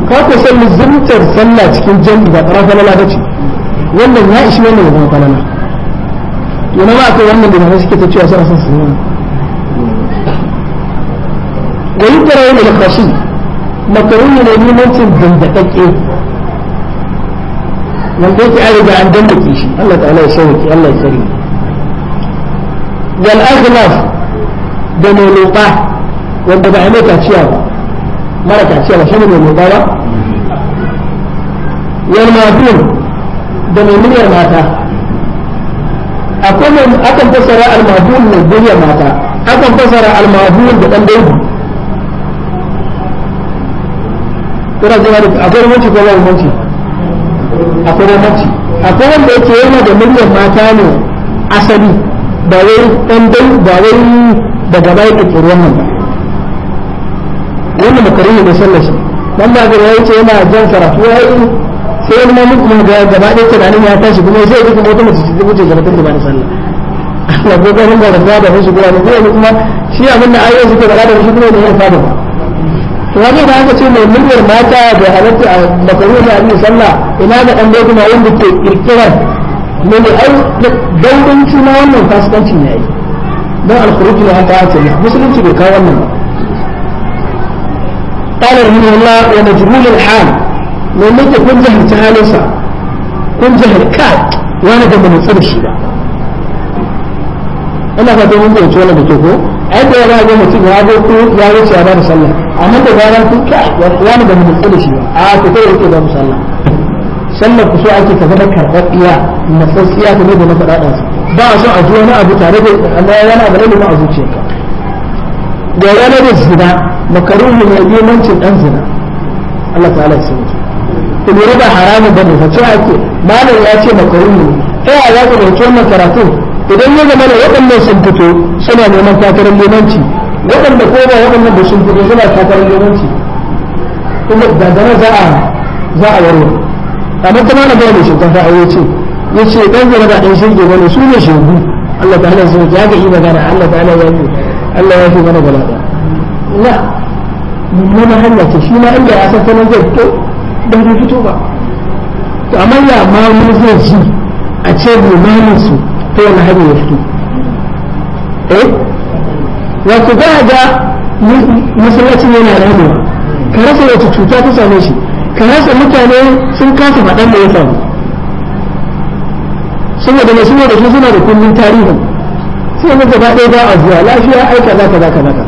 S1: ka ku san lizimtar sallah cikin jami'i ba ƙarar falala ba ce wannan ya ishi wannan ya zama falala to na ba kai wannan da mafi suke ta cewa suna son su yi wa yi ƙarar da kashi makaruni ne limancin dandakakke wanda yake an riga an dandake shi Allah ta'ala ya sauke Allah ya tsare wal aghlaf da loloba wanda ba a mai kaciya ba mara kaciya ba shi ne loloba ba wal mafun da mai mata akwai mai akan fasara al mafun mai muryar mata akan fassara al mafun da dan daudu kuna jira da akwai rumunci ko ba rumunci akwai rumunci akwai wanda yake yana da muryar mata ne asali ba wai dan ba wai daga baya ke tsoro wannan ba wannan ne da sallar shi dan ba gari yace yana jan karatu ya yi sai wani mamu kuma ga gaba ɗaya tunanin ya tashi kuma sai ya kuma wata mace ce wuce gaba da ba da sallah Allah ko ga mun da da shi gura ne sai kuma shi abin da ayyuka suke faɗa da shi kuma ne ya fada to wani da aka ce mai muryar mata da halatta a makarin da abin sallah ina ga dan kuma wanda ke kirkirar mai ai daurin na wannan fasikanci ne yayi ما الخروج لها تعالى تريح مسلمتي بك ومن قال رحمه الله ومجمول الحال لما تكون زهر تهالسا كن زهر كات وانا دم نصر الشباب أنا قد أقول لك ولا بتوكو عند ولا هذا مسجد هذا هو يا رسول الله صلى الله عليه وسلم أما إذا قال أنت كا وأنا دم نصر الشباب آه كتير كتير دم صلى الله صلى بسوا أنت كذا كذا يا نصر سيا كذا دم نصر الله ba a son a ji wani abu tare da wani abu na lima a zuciyarka da yana da zina makaruhu ne limancin dan zina Allah ta'ala ya sauke kuma riba haramun bane fa ce ake malam ya ce makaruhu ta yaya za ka dauki wannan karatu idan ya zama da waɗannan sun fito suna neman takarar limanci waɗanda ko ba waɗannan da sun fito suna takarar limanci kuma da za a za a warware amma kuma na bayan da shi ta fa'ayo ce ya ce ɗan zira ba ɗan shirge ba ne su ne shegu Allah ta hana su ya ga yi magana Allah ta hana ya Allah ya fi mana gaba na mana hanya ce shi ma inda ya san ta nan zai fito don bai fito ba to amma ya ma mu zai ji a ce limamin su ta wani hanya ya fito eh wato za a ga masallacin yana ramewa ka rasa wata cuta ta same shi ka rasa mutane sun kasa faɗan da ya samu saboda mai saboda su suna da kullun tarihin sai ga gaba ɗaya ba a zuwa lafiya ai kaza kaza kaza kaza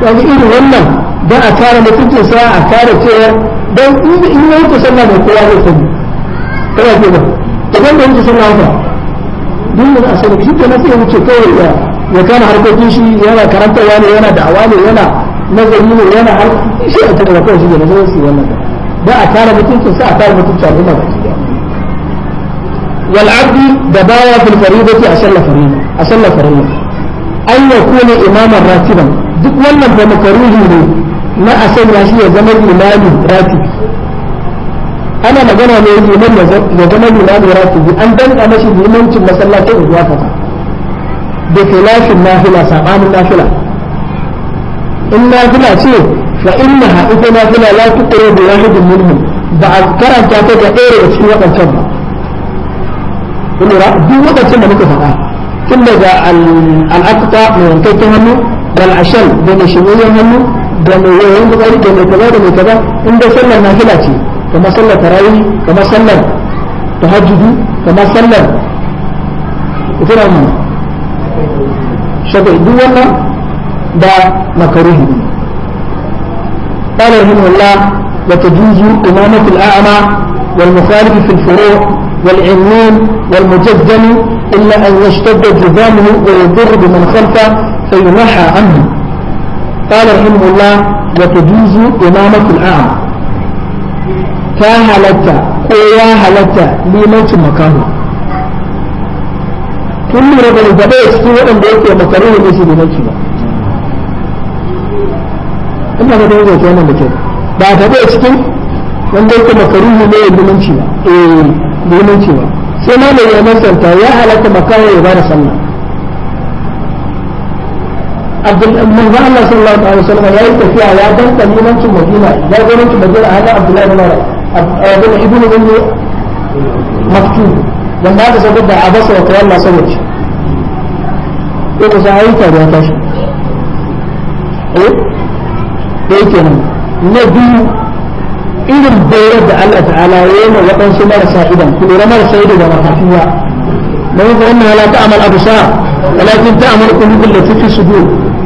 S1: to ga irin wannan ba a kare mutuncin sa a kare cewa dan in yayi ku sallah da kowa zai sani kana ke ba to ban da yake sallah ba duk da asali shi ke nasiya muke kawai ya ya kana harkokin shi yana karantarwa ne yana da'awa ne yana nazari ne yana har shi a cikin kawai shi ne na zai wannan ba a kare mutuncin sa a kare mutuncin al'umma ba wal abdi da bawa fil faridati a sallar farilla a sallar farilla an yakuna imaman ratiban duk wannan ba makaruhi ne na a shi ya zama imami ratib ana magana ne liman ya zama imami ratibi an danka mashi limancin masallacin unguwa kaza da khilafin nafila sabanin nafila in nafila ce fa innaha ita nafila la tuqra bi ba a karanta ta da ɗaya daga cikin waɗancan kun lura duk lokacin da muka faɗa tun daga al'aqta mai wankakken hannu da al'ashal da mai shiryoyin hannu da mai yayin bukari da mai kaza da mai kaza in dai sallar nafila ce kamar sallar tarawih kamar sallar ta tahajjudu kamar sallar kira mu shagai duk wannan da makaruhi قال رحمه الله وتجوز إمامة الأعمى والمخالف في الفروع والعنان والمجزم إلا أن يشتد جذامه ويضر بمن خلفه فينحى عنه قال رحمه الله وتجوز إمامة الأعمى كاهلتا كواهلتا لموت مكانه كل رب الجبال سوى أن بيت مكانه ليس بموت ina إيه. ga dangin kenan da ke ba ta bai cikin wanda yake makaruhu ne ya limanci ba muhimmanci sai ma mai yaman ya halatta makawa ya bada sallah manzo Allah sallallahu alaihi wasallam ya yi tafiya ya danta limancin Madina ya Madina Abdul eh, Ibn Ibn wanda aka da wa saboda ko da tashi eh biyu irin bayar da Allah ta'ala ya yi waɗansu marasa idan ku lura marasa idan da makafiya don haka wannan ala ta'amal abusa walakin ta'amal kulubun da tafi su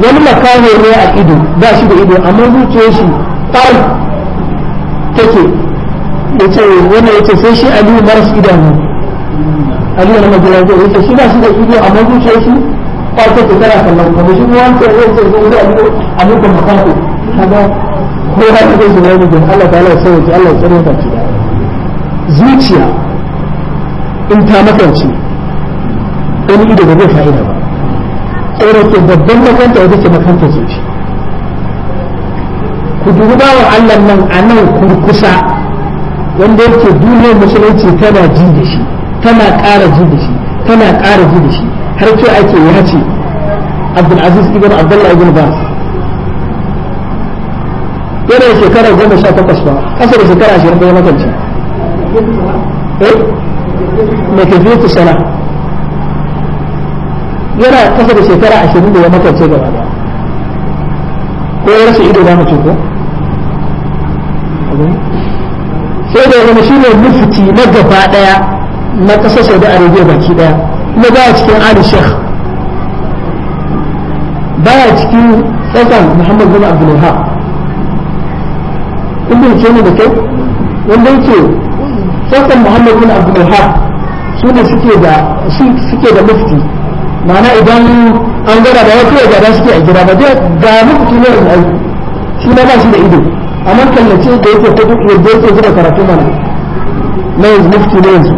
S1: wani makaho ne a ido ba shi da ido amma zuciyar shi far take ya ce wannan ya ce sai shi aliyu maras idanu aliyu na majalar ya ce shi ba shi da ido amma zuciyar shi far take tana kallon kuma shi ruwan ce zai ce zai zai a mutum makaho ko kai mutum Allah ta Allah sai Allah zuciya in ta makance wani ido ba zai fa'ida ba tsoron ke babban makanta wadda ke makanta zuci ku duba wa Allah nan a nan kurkusa wanda yake duniyar musulunci tana ji da shi tana ƙara ji da shi tana ƙara ji da
S2: shi har ke ake ya ce
S1: Abdulaziz ibn Abdullah ibn Bas yana shekara goma sha takwas ba ƙasa da shekara ashirin ɗaya makanci eh? mai sana yana ƙasa da shekara ashirin da ya makance gaba ɗaya ko ya rasa ido dama ko sai da wani shi ne mufti na gaba ɗaya na ƙasar saudi arabia baki ɗaya kuma ba a cikin ali sheikh ba a cikin tsatsan muhammad bin abdul wahab kun fahimce ne da kai, wanda yake sassan muhammad bin abdul wahab su ne suke da suke da mufti ma'ana idan an gara da wasu ya da suke a gida ba dai ga mufti ne da aiki shi na ba shi da ido amma kallace da yake ta duk yadda yake gida karatu mana na yanzu mufti na yanzu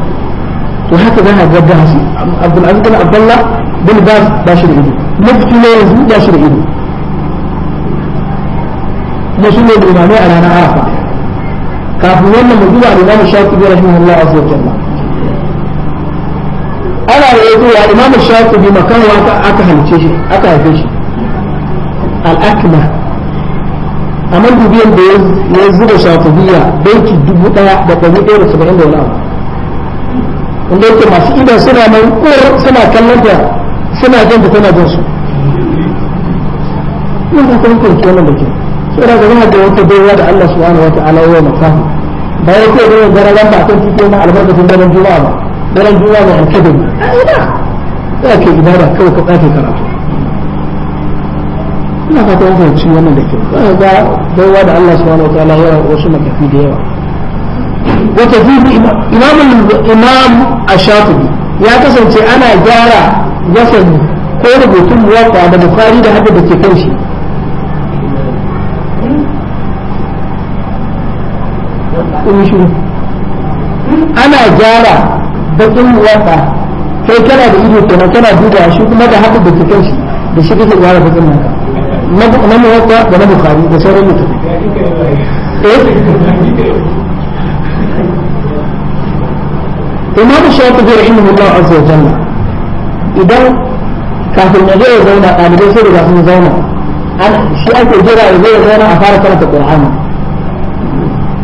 S1: to haka za a gaggawa shi abdul aziz bin abdullah bin bas ba shi da ido mufti na yanzu ba shi da ido kuma su ne limamai a ranar arafa kafin wannan mu zuwa da zamu shafi bi rahimahullah azza wa jalla ana da yato ya imamu shafi bi makan waka aka halice shi aka haife shi al-akma amma dubiyan da ya zuba shafi shafiya baiti dubu daya da ɗari ɗaya da saba'in da wani inda wanda yake masu idan suna nan kur suna kallon da suna jan da tana jin su. Ina ta kwanci wannan da kyau. sai da zama da wata baiwa da Allah subhanahu wata'ala ya maka ba ya ce zai gara lamba kan cikin na albarkacin daren juma'a ba daren juma'a mai alkadin ina ya ke ibada kawai ka ɓata karatu ina fata ya fahimci wannan da kyau zai ga baiwa da Allah subhanahu wata'ala ya wasu makafi da yawa wata fifi imam imam ashatubi ya kasance ana gyara wasani ko rubutun muwatta da bukari da hadda da ke kan shi kun shiru ana gyara bakin wata kai kana da ido kenan kana duba shi kuma da haɗu da cikin shi da shi kake gyara bakin wata na muwatta da na bukari da sauran mutum eh? imam rahimahullah azza wa jalla idan kafin ya zai zauna ɗalibai sai da sun zauna shi ake jira ya zai zauna a fara karanta ƙur'ani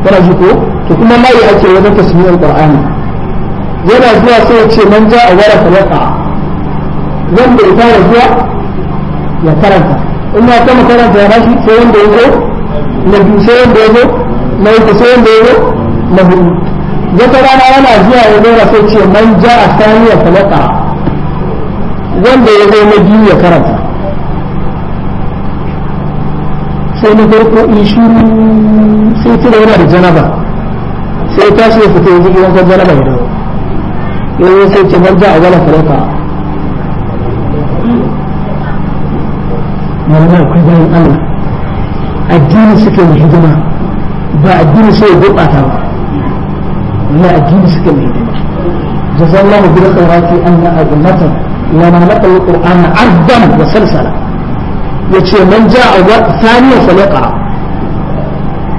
S1: kana ji ko to kuma mai ake wajen tasmiyar qur'ani yana zuwa sai ya ce man a wara farqa wanda ya fara zuwa ya karanta in ya kama karanta ya bashi sai wanda ya zo na biyu sai wanda ya zo na uku sai wanda ya zo na hudu wata rana yana zuwa ya zo sai ce man ja'a saniya farqa wanda ya zo na biyu ya karanta sai na farko in shiru sai tuna yana da janaba sai tashi ya fita yanzu gidan kwanza na bai dawo yanzu sai ce marja a wala farauta wannan akwai bayan allah addini suke mai hidima ba addini sai ya gurɓata ba na addini suke mai hidima jazallahu bi khairati anna azmatan lana laqal qur'an azdan wa salsala yace man ja'a wa thaniya falaqa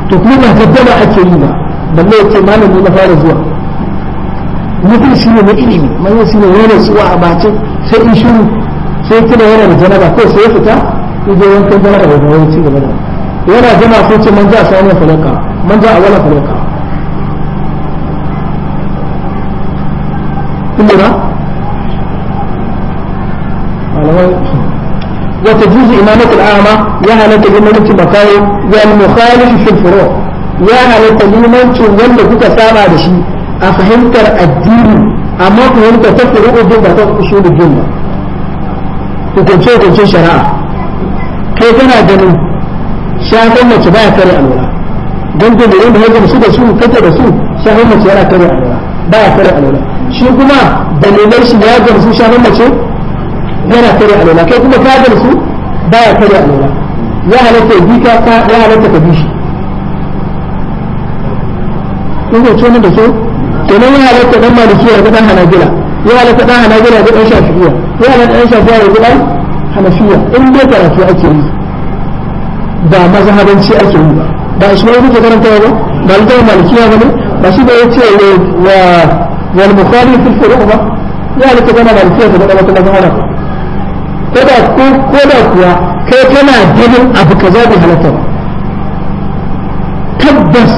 S1: to kuma ba gaddama ake yi ba بلوه تمام من نفار الزوا مثل سينه مكلمي ما هي سينه وانا سواء باتي سيئي شنو سيئي تلا وانا بجنبا كو سيئفتا يجي وانك جنبا بجنبا يتيغ بنا وانا جمع فوت من جاء ثانية فلقا من جاء أولا فلقا كلنا وتجوز إمامة الأعمى يهلك لمنة مكاين والمخالف في الفروع ya halatta limancin wanda kuka saba da shi a fahimtar addini amma ku fahimtar ta furu'u din ba ta usulul din ba hukunce hukuncin shari'a kai kana ganin shafin mace baya kare alwala don da yin da hajjar su da su kake da su shafin mace yana kare alwala baya kare alwala shi kuma dalilai shi ya gamsu shafin mace yana kare alwala kai kuma ka gamsu baya kare alwala ya halatta bi ka ya halatta ka bi shi kun ko cewa da so kenan ya halatta dan malikiya da dan hanabila ya halatta dan hanabila da dan shafi'iyya ya halatta dan shafi'iyya da dan hanafiya in dai karatu ake yi ba mazhabanci ake yi ba ba isma'il ke karanta ba ba littafin malikiya ba ne ba shi da ya ce wa wal bukhari fil furu' ba ya halatta dan malikiya da dan mazhabanci ko da ko da kuwa kai kana ganin abu kaza bai halatta tabbas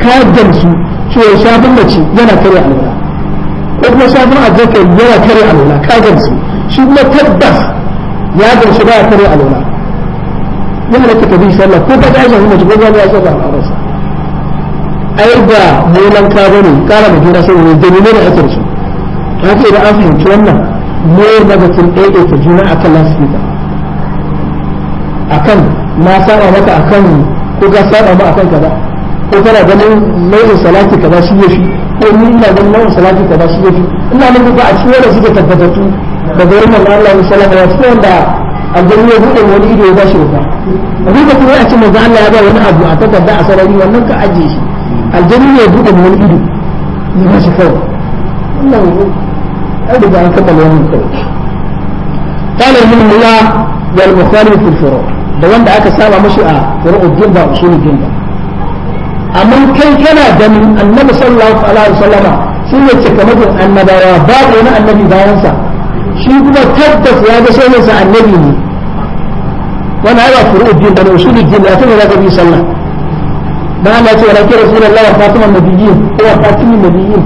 S1: ka su cewa shafin mace yana kare Allah ko kuma shafin azzakar yana kare Allah ka su shi kuma tabbas ya gamsu ba ya kare Allah yana da ka sallah ko ka ga shi mace ko ga ya shafa alwalarsa ai ba molan ka ne, kara da juna saboda dalilai da ake da su haka idan an fahimci wannan more magatin ɗaiɗai ta juna a kan lasfika a kan na saba maka a kan ko ka saba ma a kan ba. ko kana ganin nau'in salati kaza shi ya fi ko ni ina ganin nau'in salati kaza shi yafi ina nufin ba a cikin wanda suke tabbatattu daga yin manzo Allah ya sallama ya cikin wanda aljanni ya buɗe wani ido ya bashi wuta a da kuma a cikin manzo Allah ya ba wani abu a takarda a sarari wannan ka ajiye shi aljanni ya bude wani ido ya bashi kawai wannan an riga an kammala wani kawai قال ابن الله والمخالف في الفروع da wanda aka saba mashi a furu'ud din ba usul din ba amma kai kana ganin annabi sallallahu alaihi wasallama shi ne cikamakin annabawa ba wani annabi bayansa shi kuma tabbas ya ga shaidinsa annabi ne wani haifa furu'uddin da usuluddin da ya tuna zaka bi sallah ba Allah ce walakin rasulullahi wa fatiman nabiyyin wa fatimin nabiyyin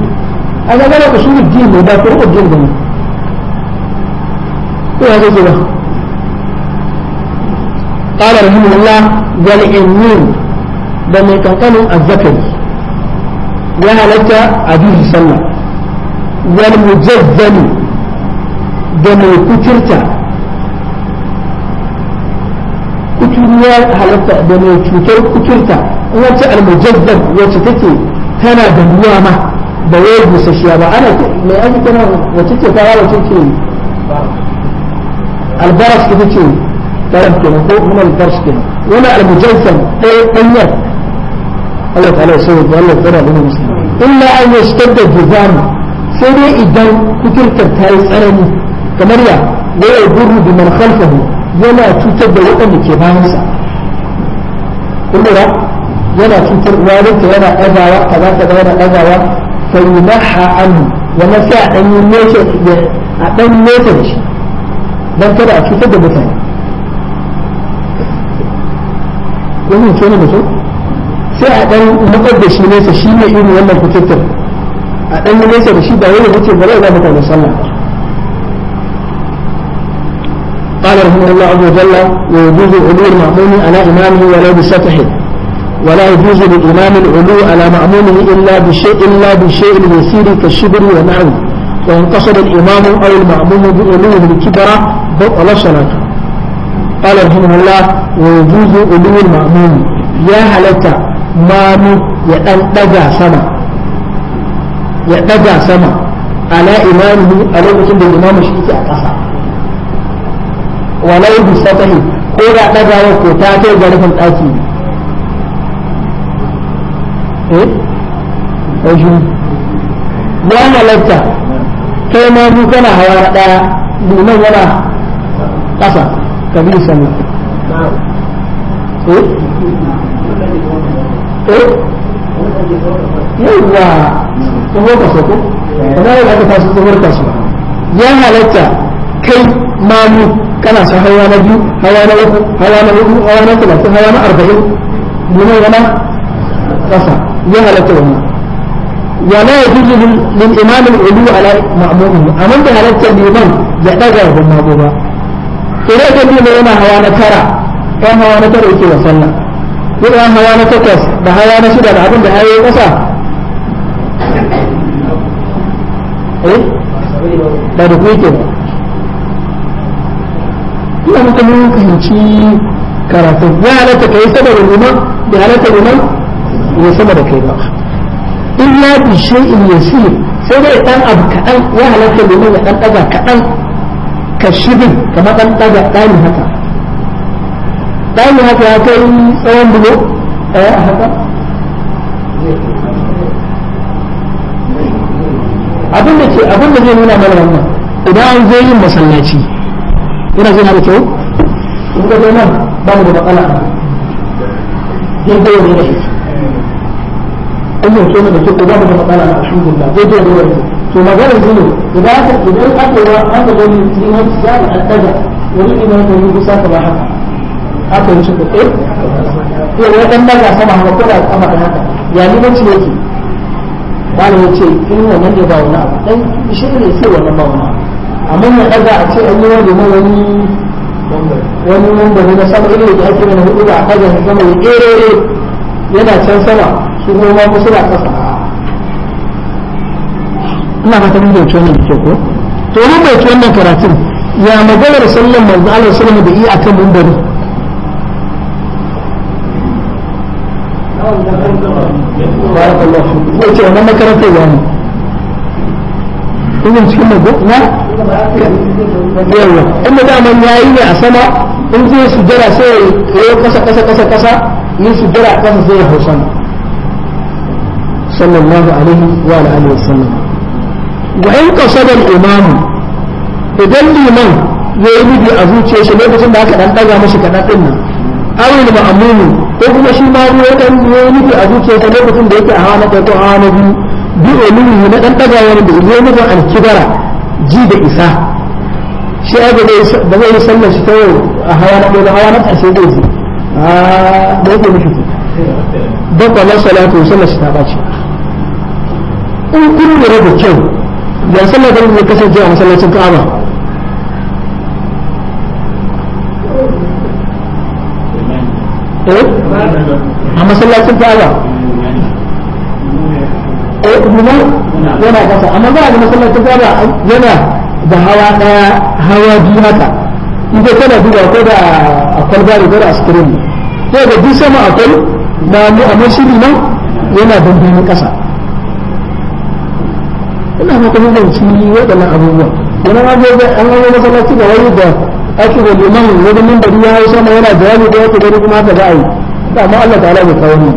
S1: a ga gara usuluddin ne ba furu'uddin ba ne ko ya zai ba قال رحمه الله والإنين da mai kankanin azzakari ya halatta a bihi sallah wal mujazzani da mai kuturta kuturiyar halatta da mai cutar kuturta wacce almujazzan wacce take tana da ruwa ma ba wai busasshiya ba ana mai ake kana wacce ce kawa wacce ke albaras ita ce karam kenan ko kuma albaras kenan wani almujazzan ɗaya ɗanyar الله تعالى يسوي الله ترى بنا مسلم إلا أن يشتد الجزام سيري إدان كتير كالتالي سألني كمريا لا يضر بمن خلفه ولا تتبع أن كبانسا كلها ولا تتبع والدك ولا أذى وكذا كذا ولا أذى فينحى عنه ومساء أن يميتك أن يميتك لن ترى تتبع مثلا ومن سنة مثلا sai a dan da shi nesa shi ne wannan fitattar a dan nesa da shi ba wani wuce ba zai zama kwanan sallah قال رحمه الله عز وجل ويجوز علو المأموم على إمامه ولا بسطحه ولا يجوز للإمام العلو على مأمومه إلا بشيء إلا بشيء يسير كالشبر ونحوه وإن قصد الإمام أو المأموم بعلوه الكبرى بطل صلاته قال رحمه الله ويجوز علو المأموم يا هلك mamu ya dan daga sama ya daga sama ala imamu a lokacin da imamu shi ke a ƙasa walau bi satahi ko da dagawa ko ta kai ga rufin ɗaki eh ya halatta kai ma mu kana hawa na ɗaya liman yana ƙasa ka bi sallah
S2: eh Eh? yawwa
S1: tsohon kasuwa ko ba za ka tasu tsohon kasuwa ya halatta kai mamu kana son hawa na biyu hawa na uku hawa na hudu hawa na talatin hawa na arba'in nuna yana kasa ya halatta wannan ولا يجوز للإمام العلو على مأمومه أمن بهلت الإمام يدعى yana إذا كان الإمام هوانا ترى كان هوانا ترى يكي وسلم wurin hawa na takwas da hawa na shida da abin da hawa kasa eh ba da kuke ba ina muka mun fahimci karatu ya halatta kai sama da liman da halatta liman ya sama da kai ba illa bi shay'in yasir sai dai dan abu kadan ya halatta liman ya dan daga kadan ka shibin kamar dan daga dani haka bayan haka ya kai tsawon bulo eh, a haka abin da ke abin da zai nuna mana wannan idan an zo yin masallaci ina zai da kyau in ga nan ba mu da matsala da yau ne da shi an yanke mu da ke ba mu da matsala na alhamdulillah zai da yau ne to maganar zai ne idan aka yi wa aka gani cikin wani sa'ar addaga wani iman da yi kusa ka ba haka haka yi eh? ya wani dan daga sama ko da kafa da ya ni yake ya in da ba abu dan shi ne sai wannan ba amma ya daga a ce an yi wani mai wani wani na sama irin da ake hudu a sama ya yana can sama su kuma ma musu kasa ina mun da to mun wannan karatun ya sallan manzo Allah da iya akan mun bari wace makarantar ya cikin na yawa inda daman ya yi ne a sama in zai sai ya kasa kasa kasa kasa kasa sai ya sallallahu alaihi wa alihi wa sallam in idan liman ya yi a zuciyar shi lokacin da aka dan daga mashi kadan din nan awil ko kuma shi ma ruwa dan ruwa a zuciyarsa lokacin da yake a a bi olimi na dan dagawar da ji da isa shi zai sallar shi kawai a hawa na hawa na ah, da yake salatu sallar shi ta in kun da kyau da sallar da zai kasance a masallacin ka'aba eh a masallacin a yi eh, kuma yana kasa amma za a ga masallacin yana da hawa daya hawa biyu haka ita tana duba ko da a kwalba ko da a sikirin ko da duk sama akwai na mu amma shi yana dandamin kasa ina ma kuma zan ci waɗannan abubuwan wani an masallaci da wani da ake da liman wani ya hau sama yana jawabi da yake gani kuma haka za a yi فما الله تعالى بكونه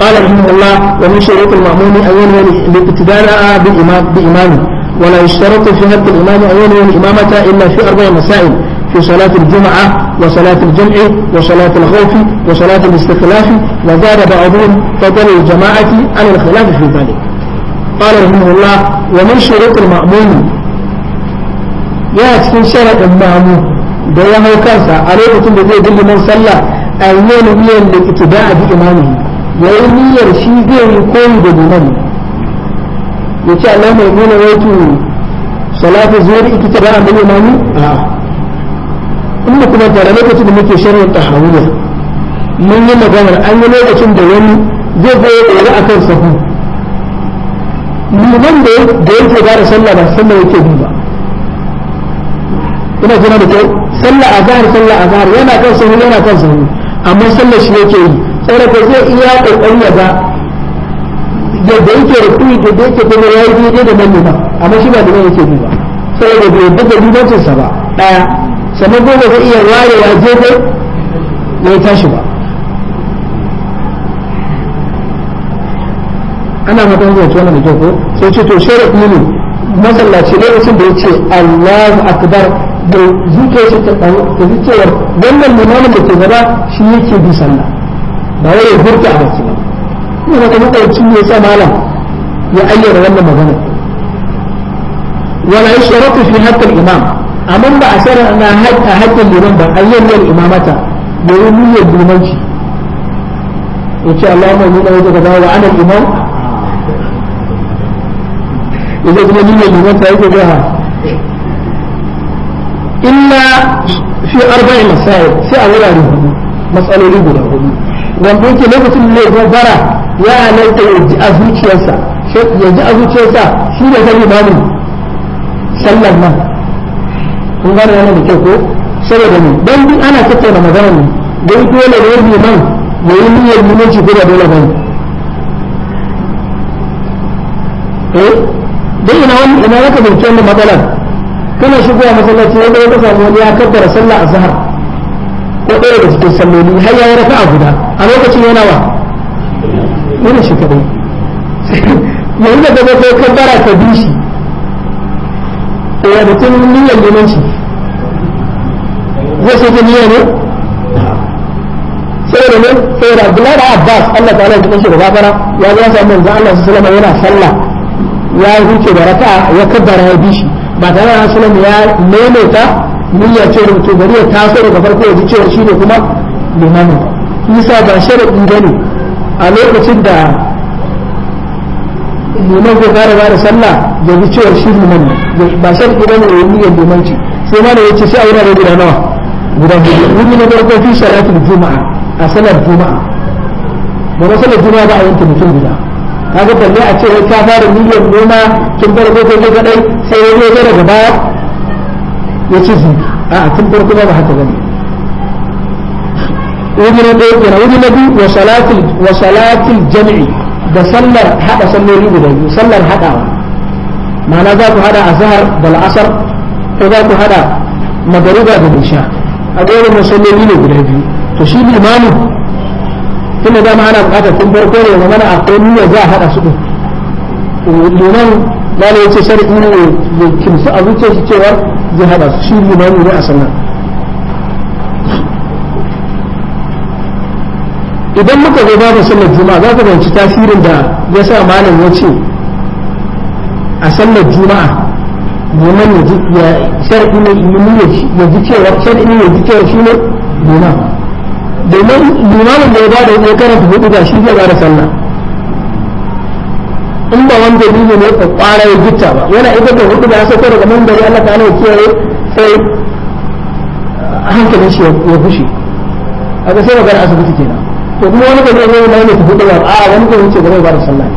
S1: قال رحمه الله ومن شروط المأمون أن ينوي الابتداء بإمام بإمامه ولا يشترط في هدف الإمام أن ينوي الإمامة إلا في أربع مسائل في صلاة الجمعة وصلاة الجمع وصلاة الخوف وصلاة الاستخلاف وزاد بعضهم فضل الجماعة على الخلاف في ذلك قال رحمه الله ومن شروط المأمون يا أكسن شرط المأمون ده يا موكاسة عليكم بذي من صلى a yi niyyar da kike da a bi imami ya yi niyyar shi zai yi koyi da liman ya ce Allah mai nuna wato salatu zuwa ita ta da a bi imami inda kuma tare lokacin da muke shirin tahawiyya mun yi maganar an yi lokacin da wani zai goya ɗaya a kan sahu liman da yake ba da sallah ba sallah yake bi ba ina jina da kyau sallah a zahar sallah a zahar yana kan sahu yana kan sahu amma sallar shi yake yi tsara ko zai iya kokarin ya ga yadda yake da kuri da yake kuma ya yi daidai da manoma amma shi ba da yake yi ba saboda bai yadda da dubancin sa ba daya sannan ko zai iya ware ya je ko ya tashi ba ana matan zai tona da kyau ko sai ce to sharaɗi ne masallaci lokacin da ya ce Allahu akbar da zuciyarsa ta ta zuciyar wannan limamin da ke gaba shi yake bi sallah ba wai ya hurta a baki ba ne maka makwarci ne sa malam ya ayyana wannan magana wala yashratu fi haqqi imam amma ba a sarar na haƙƙa haƙƙin liman ba ayyana ayyanar imamata yayin niyyar limanci yace Allahumma inna wajhaka wa ana al-imam إذا كنا من الإمام سعيد بها إلا في أربع مسائل في أولا رهن مسألة رهن wanda yake lokacin da ya gobara ya halatta ya ji a zuciyarsa a zuciyarsa shi da zai nan kun gane yana da kyau ko saboda ne duk ana tattauna magana ne don dole ne liman ya yi niyyar limanci da dole ba ne eh? wani ina zaka dauke ni matsalar kana shigowa masallaci wanda ya samu wani ya kabbara sallah azhar ko ɗaya da cikin salloli har ya yi raka'a guda a lokacin yana wa yana shi kadai yanzu da gaba kai kabbara ka bi shi ya mutum niyyar shi zai sai ta niyyar ne saboda ne sai da abdullahi da abbas allah ta'ala ya cikin shi da gafara ya zo samu manzon allah sallallahu alaihi wasallam yana sallah ya yi huce da raka'a ya kaddara ya bi shi ba tare da rasulun ya maimaita niyya ce da mutum bari ya taso daga farko ya ji cewa shi ne kuma limamin isa ga sharaɗin gani a lokacin da liman ko fara ba da sallah ya bi cewa shi liman ba sharaɗi ba ne yin niyyar limanci sai ma da ya ce sai a wurare guda nawa guda hudu wuri na farko fi sharatul juma'a a salar juma'a ba salar juma'a ba a yanke mutum guda kaga balle a ce ta fara miliyan noma kin bar ko kai kadai sai ya zo daga baya ya ci zu a tun farko ba haka bane wuri na ɗaya kenan wuri na biyu wa salatul wa jami'i da sallar hada salloli guda biyu sallar haɗawa ma'ana za ku hada azhar da al'asar ko za ku hada magariba da isha a ɗaya musalloli ne guda biyu to shi limamin tunda dama ana bukatar tun farko ne ya mana akwai niyya za a haɗa su ɗin liman lalai ya ce shari'i ne ya kimsu a zuciyar shi cewa zai haɗa su shi liman ne a sanar idan muka zo babu sallar juma'a za ka fahimci tasirin da ya sa malam ya ce a sallar juma'a liman ya ji shari'i ne ya ji cewa shari'i ne ya ji cewa shi ne liman domin limamin da ya bada ya karanta hudu ba shi zai bada sallah in ba wanda dalili ne ka kwara ya gita ba yana ita da hudu ba ya sauko daga nan gari Allah ta'ala ya kiyaye sai hankalin shi ya fushi a ga sai magana asibiti kenan to kuma wani gari ne mai ne hudu ba a wani gari ce gari bada sallah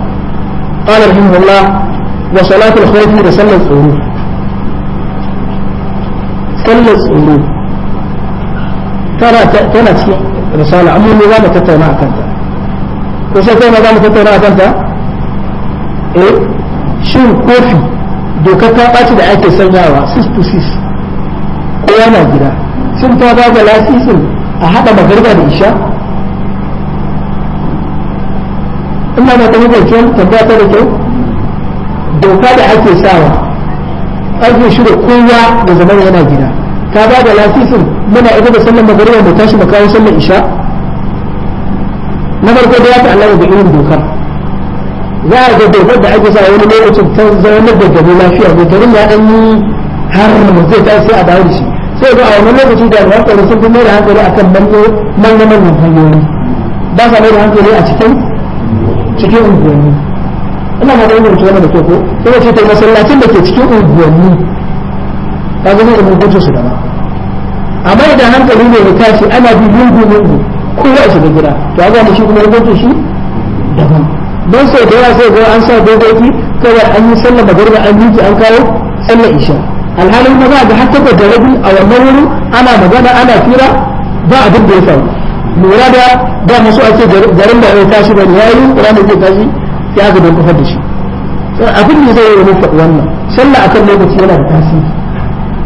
S1: qala rahimahullah wa salatul khawfi da sallar tsoro sallar tsoro tana cikin risala amma ne za mu tattauna a kanta ko sai kai ma za mu tattauna a kanta eh shin kofi dokar ta ɓaci da ake sanyawa 6 to 6 ko yana gida shin ta ba da lasisin a haɗa magarba da isha ina ba ta tambaya ta da kyau doka da ake sawa ƙarfe kowa da zama yana gida ta ba da lasisin muna ita da sallar magariba mu tashi mu kawo sallar isha na farko da ya ta Allah da irin dokar za a ga dokar da ake sa wani lokacin ta zaunar da gari lafiya ne garin ya dan yi har mu zai ta sai a dawo da shi sai ga a wani lokaci da ruwa tsaro sun kuma da hankali akan manyan manyan hanyoyi ba sa mai da hankali a cikin cikin unguwanni ina ma da yin rubutu da kyau ko sai ce ta masallacin da ke cikin unguwanni ka zama da mutuncin su da ba amma idan hankali ne ya tashi ana bi lungu lungu kowa ya shiga gida to haka mu shi kuma rubutu shi daban don sai da yawa sai ga an sa dokoki kawai an yi sallar magariba an yi an kawo sallar isha alhalin ma za ga har takwas da rabi a wannan wurin ana magana ana fira ba abin da ya faru lura da da masu ake garin da ya tashi ba ya yi ranar zai tashi ya ga don kafar da shi abin da zai yi wani faɗi wannan sallah akan lokaci yana da tasiri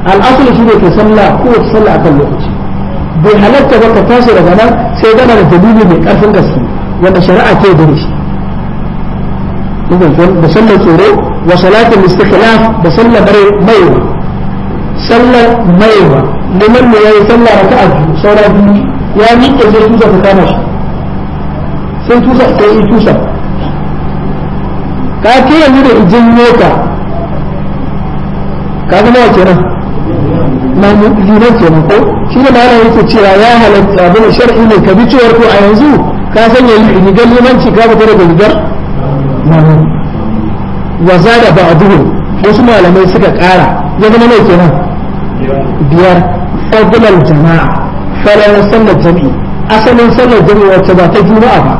S1: al'asali shi ne ka sallah ko ka sallah akan lokaci bai halatta ba ka tashi daga nan sai gana da dalili mai karfin gaske wanda shari'a ta yi dare shi da sallar tsoro wa salatin istikhlaf da sallar maiwa sallar maiwa liman ne yayi sallah raka a biyu saura biyu ya miƙe sai tusa ta kama shi sai tusa ta yi tusa ka ce yanzu da ijin ka ka zama wa kenan na liman ke ko shi ne ma'ana yake cewa ya halatta abin shar'i ne ka bi cewar ko a yanzu ka sanya rigar limanci ka fita daga rigar mamu wa zada ba'duhu wasu malamai suka kara ya zama mai kenan biyar fadlal jama'a falan sallar jami'i asalin sallar jami'i wacce ba ta juma'a ba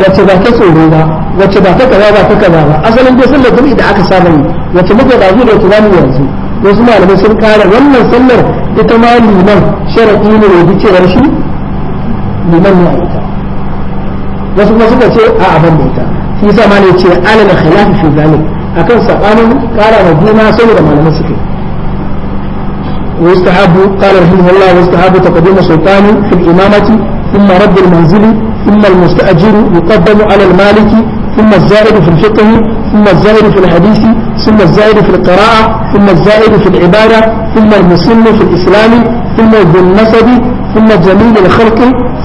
S1: wacce ba ta tsoro ba wacce ba ta kaza ba ta kaza ba asalin dai sallar jami'i da aka saba yi wacce muka da zuwa ta zamu yanzu wasu malamai sun kara wannan sallar ita ma liman sharaɗi ne cewar shi liman ita wasu kuma suka ce a abin da ita shi ma ne ce alal khilafi fi zalik akan sabanin kara da juna saboda malamai suke ويستحب قال رحمه الله ويستحب تقديم سلطان في الإمامة ثم رب المنزل ثم المستأجر يقدم على المالك ثم الزائد في الفقه ثم الزائد في الحديث ثم الزائد في القراءة ثم الزائد في العبادة ثم المسلم في الإسلام ثم ذو النسب ثم جميل الخلق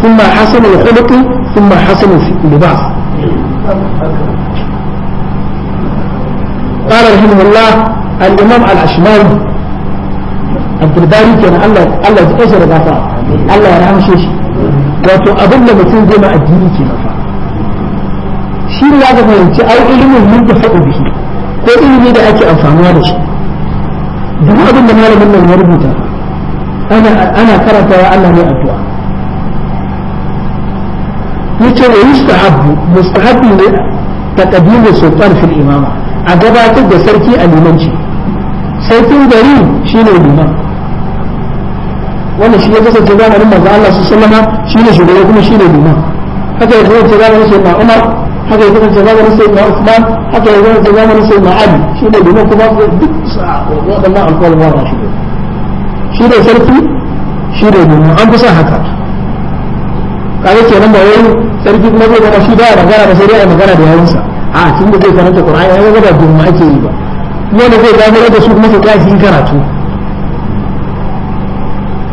S1: ثم حسن الخلق ثم حسن اللباس قال رحمه الله الإمام العشماوي عبد الباري كان الله الله يجزاه غفار الله يرحمه شيش وتؤذن لما da mutum zai ma addini shi ne ya fahimci ai ilimin mun da haɗu bihi ko ilimi da ake amfanuwa da shi duk abin da malamin nan ya rubuta ana karantawa Allah ne addu'a yace wa yustahabbu mustahabbi ne taqdimu sultan fil imama a gabatar da sarki a limanci sarkin gari shine liman wannan shi ya kasance zamanin manzo Allah sallallahu alaihi wasallam shine shugaba kuma shine liman haka ya kasance zamanin sayyidina Umar haka ya kasance zamanin sai na Usman haka ya kasance zamanin sai na Ali shi ne domin kuma duk waɗannan alƙawarin ba shi ne shi ne sarki shi ne domin an fi haka. haka kaga nan ba wai sarki kuma zai gana shi da magana da sai dai magana da yawansa a tun da zai karanta Qur'ani ya ga da domin ake yi ba kuma da zai gano da su kuma su kai yin karatu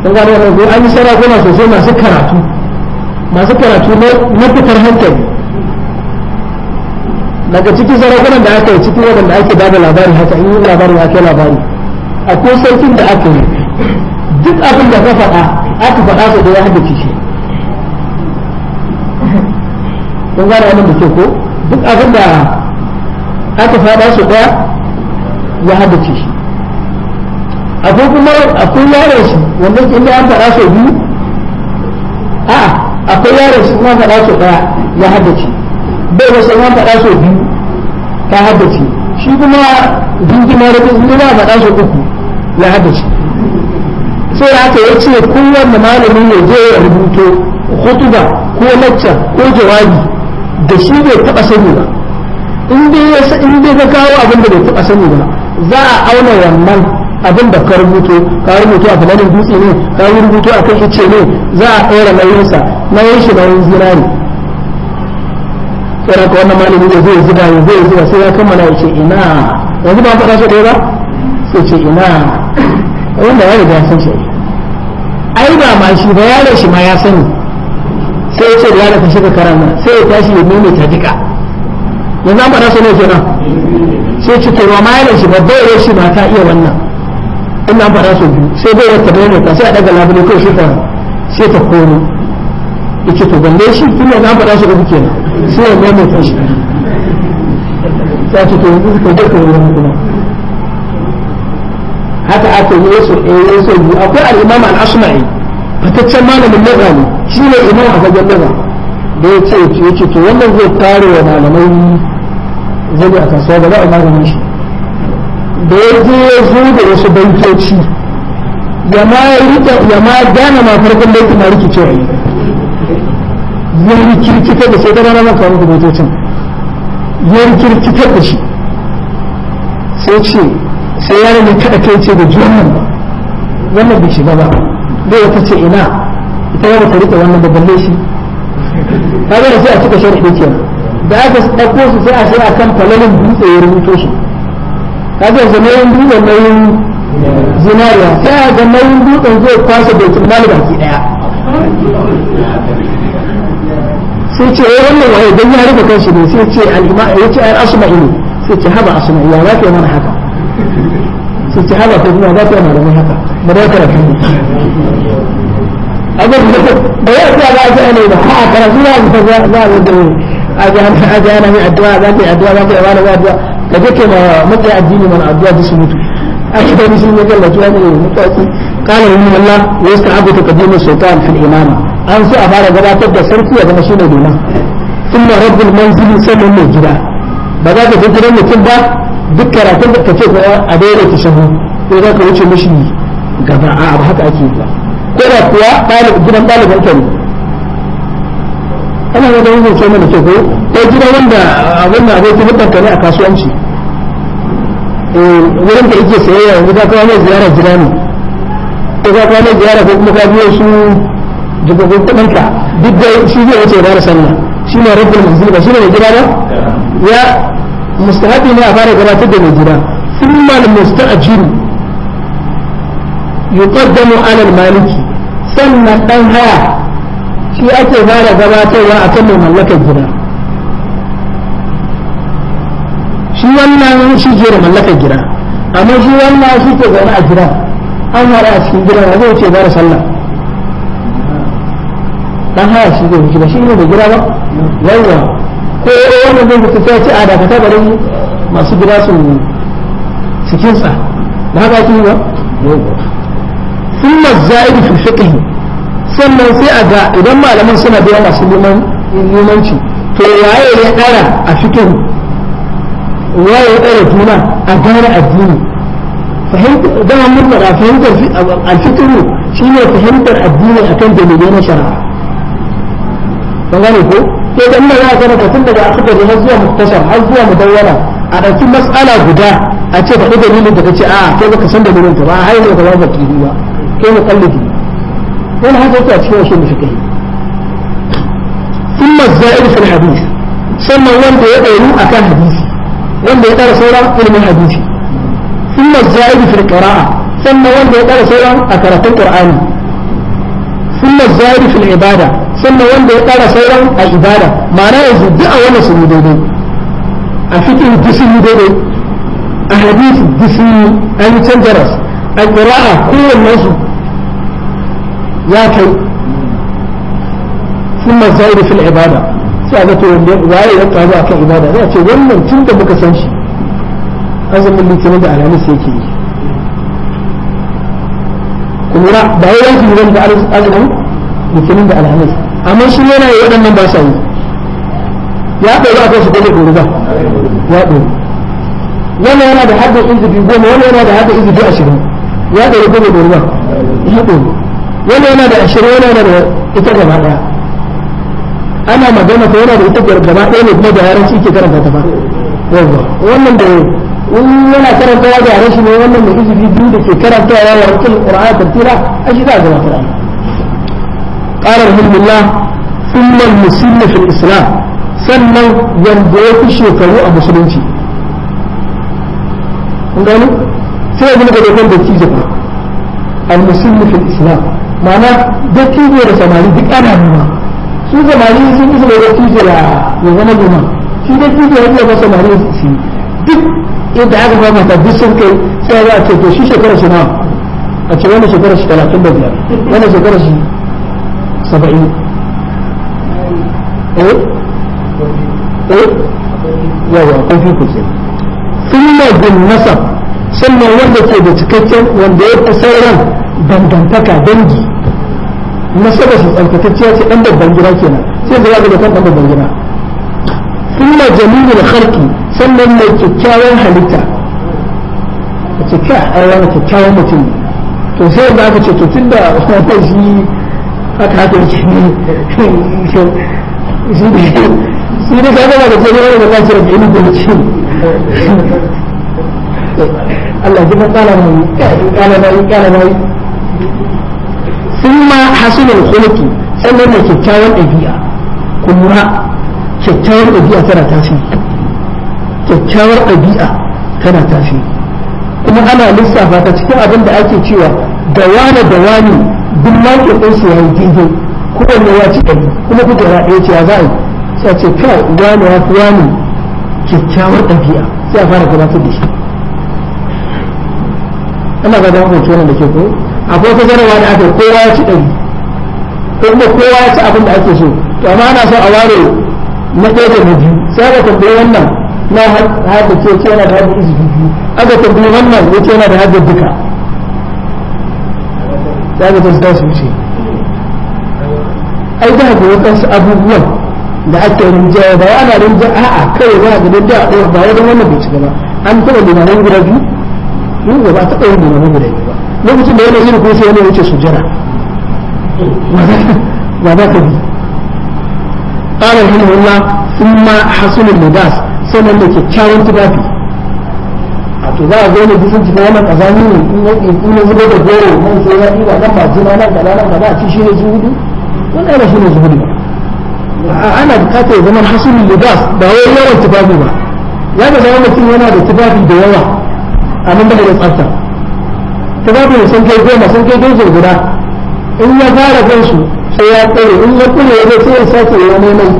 S1: don gano da an yi sarakuna sosai masu karatu masu karatu na fitar hankali daga cikin sarakunan da aka yi cikin waɗanda ake ba labari haka in yi labari ya kai labari akwai sarkin da aka yi duk abin da ka faɗa aka faɗa su da ya haɗa shi kun gane wannan da ke ko duk abin da aka faɗa su ɗaya ya haddace shi akwai kuma akwai yaron shi wanda inda an faɗa su biyu a akwai yaron shi kuma faɗa su ɗaya ya haddace bai wasu ya faɗa so biyu ta haddace shi kuma na da kuma ya faɗa so uku ya haddace sai haka ya ce da malami ne je ya rubuto hutuba ko lacca ko jawabi da shi bai taɓa sani ba in dai ya sa in dai ka kawo abin da bai taɓa sani ba za a auna wannan abin da ka rubuto ka rubuto a fulanin dutse ne ka rubuto a kan ice ne za a ɗora nauyinsa nauyin shi nauyin zinari sai ka wannan malami da zai zuba ya zai zuba sai ya kammala ya ce ina yanzu ba faɗa shi ba sai ce ina wanda ya riga san shi ai ba ma shi ba yaron shi ma ya sani sai ya ce da yaron ka shiga karama sai ya tashi ya nome ta duka yanzu an faɗa shi ne kenan sai ce to ma yaron shi ba bai shi ma ta iya wannan an faɗa su biyu sai bai ta bai ta sai a daga labule kai sai ta sai ta kono yace to balle shi tunda na faɗa shi uku kenan sai ya mai tashi sai to yanzu suka ga ko wani kuma haka aka yi yaso eh yaso yi akwai al-imam al-asma'i fataccen malamin lugha ne shi ne imam a fagen lugha da ya ce ya ce to wannan zai kare wa malamai zai a kasuwa ba za a maganin shi da ya je ya zo da wasu bankoci ya ma gane ma farkon bankin na rikicewa ne ya rikirkitar da sai ta rana maka wani rubutocin ya rikirkitar da shi sai ce sai ya rami kada kai ce da juwan ba wannan bai shiga ba zai ya ce ina ita ba ta rike wannan da balle shi ta zai sai a cika shari'a kenan da aka ɗauko su sai a sai a kan falalin dutse ya rubuto shi ka zai zama yin dutsen nauyin zinariya sai a ga nauyin dutsen zai kwasa bai tumali baki ɗaya sai ce eh wannan waye dan ya rufe kanshi ne sai ce al-ima yace ai asma'i ne sai ce haba asma'i ya zaka mana haka sai ce haba ko kuma zaka mana mai haka ba da karatu abin da ba ya ta ba ta ne ba ha karatu ya ta za za da aje aje ana mai addu'a za ta addu'a za ta wani addu'a ka je ke ma mutane addini mana addu'a da su mutu a cikin sun yi gallatu ya ne mutaki قال ان الله يستحب تقديم السلطان في الامام ان سي افار غباتر ده سركي يا شي ده دينا ثم رب المنزل سن من الجدا بدا ده جدا مثل ده duk karatun da kake a adaira ta shahu ko za ka wuce gaba a abu haka ake ba ko da kuwa ɗalibin gidan ɗalibin ka ne ana ga dawo mai tsoma da ke ko ko gidan wanda abin da abokin mutan ka ne a kasuwanci wurin da ike sayayya wanda ka wani ziyarar gida ne ko ka kwana ziyara ko kuma ka biyo su jikokin kuɗin ka duk da shi zai wuce ba da sallah shi ne rabbul manzil ba shi ne gida ba ya mustahabi ne a fara gabatar da mai gida thumma al-musta'jir yuqaddamu ala al-maliki sannan dan haya shi ake fara gabatarwa akan mai mallakar gida shi wannan shi ke da mallakar gida amma shi wannan shi ke zaune a gida an haɗa a cikin gida ba zai ce ba da sallah dan haya shi zai fito ba shi ne da gida ba yawwa ko wannan zai suka sai ce a dakata bari masu gida su cikin sa da haka ake yi ba thumma zaidu fi fiqh sannan sai a ga idan malaman suna biya masu liman limanci to waye ya dara a fiqh waye ya dara juna a gane addini fahimtar da mun fara fahimtar alfikiru shine fahimtar addini akan dalilai na shari'a ba gane ko sai da inda za karanta tun daga akhbar har zuwa muktasar har zuwa mudawwala a ɗauki mas'ala guda a ce faɗi ne daga kace a kai baka san dalilin ta ba a haini ka ba ba kiri ba kai mu kallidi wani haka yake a cikin wasu mushrikai ثم الزائد في الحديث ثم وند يدعو أكان حديثي wanda ya ƙara sauran ilimin hadisi ثم الزائد في القراءة ثم وند يقرأ سورة أكرة القرآن ثم الزائد في العبادة ثم وند يقرأ سورة العبادة معناه يزيد أولا سيدي أفكر الدسي دي أحاديث الدسي أن تنجرس القراءة كل الناس يا كي ثم الزائد في العبادة sai a zato waye ya karu a kan ibada zai ce wannan tun da muka san shi azumin litinin da alhamis yake yi kuma ba ya yi zan da azumin litinin da alhamis amma shi yana yi waɗannan ba sa yi ya ɗori a kansu kuma ɗori ba ya ɗori wannan yana da haddin izubi goma wannan yana da haddin izubi ashirin ya ɗori kuma ɗori ba ya ɗori wannan yana da ashirin wannan yana da ita gaba ɗaya ana magana ko yana da ita gaba ɗaya ne kuma da yaranci ke karanta ta ba wannan da in yana karantawa da yaren shi ne wannan mai izini biyu da ke karanta yawa wa rasul qur'an tartila a shi za a zama qur'ani qala rahimullah thumma al-muslim fi islam sannan wanda ya fi shekaru a musulunci kun gani sai ya ga dokon da kije ba al-muslim fi islam ma'ana da kije da samari duk ana nuna su samari sun isa da kije da ya zama goma shi da kije ya zama samari su duk inda aka samu sabbi sun kai sai za a ce to shi shekarar shi nawa a ce wani shekarar shi talatin da biyar wani shekarar shi saba'in eh eh yawa kun fi ku sunna bin nasab sannan wanda ke da cikakken wanda ya fi sauran dangantaka dangi nasabar shi tsarkakacciya ce dan babban gida kenan sai zai ga kan dan babban gida kuma jamilul khalqi sannan mai kyakkyawan halitta ce ka Allah mai kyakkyawan mutum to sai da aka ce to tunda wannan shi aka haka shi ne shi ne sai da ga wani da kace da ilimi da shi Allah ya kala mai kala mai kala mai sannan mai dabi'a kuma kyakkyawar ɗabi'a tana tasiri kyakkyawar ɗabi'a tana tasiri kuma ana lissafa ta cikin abin da ake cewa da wane da wane duk makin ɗinsu ya yi daidai kowanne ya ci ɗari kuma kuka ya ɗaya cewa za a yi sai a ce kai wane ya fi wane kyakkyawar ɗabi'a sai a fara gabatar da shi ana ga da hukunci da ke ko akwai wata jarabawa da aka kowa ya ci ɗari ko kuma kowa ya ci abin da ake so to amma ana so a ware na ɗaya da biyu sai aka tambayi wannan na hada ce ce yana da hada izu biyu aka tambayi wannan ya ce yana da hada duka ya ga ta su wuce ai da ga wasu abubuwan da ake rinjaya ba ana rinjaya a'a kai za ga da a ɗaya ba wajen wannan bai shiga ba an taɓa limanan gura biyu yin ba a taɓa yin limanan gura biyu ba lokacin da yana yin kuma sai yana wuce sujjana ba za ka bi قال رحمه الله ثم حصل اللباس sannan da kyakkyawan tufafi a to za a zo ne bisan cikin in ya zuba da goro nan sai ya ɗiba nan majina nan a ci shi ne zuhudu wannan ba shi ne zuhudu zama hasulun libas ba wai yawan tufafi ba ya ga zama mutum yana da tufafi da yawa a nan da da tsafta tufafi sun kai goma sun kai dozin guda in ya fara kansu sai ya kure in ya kure ya sai ya sake ya neman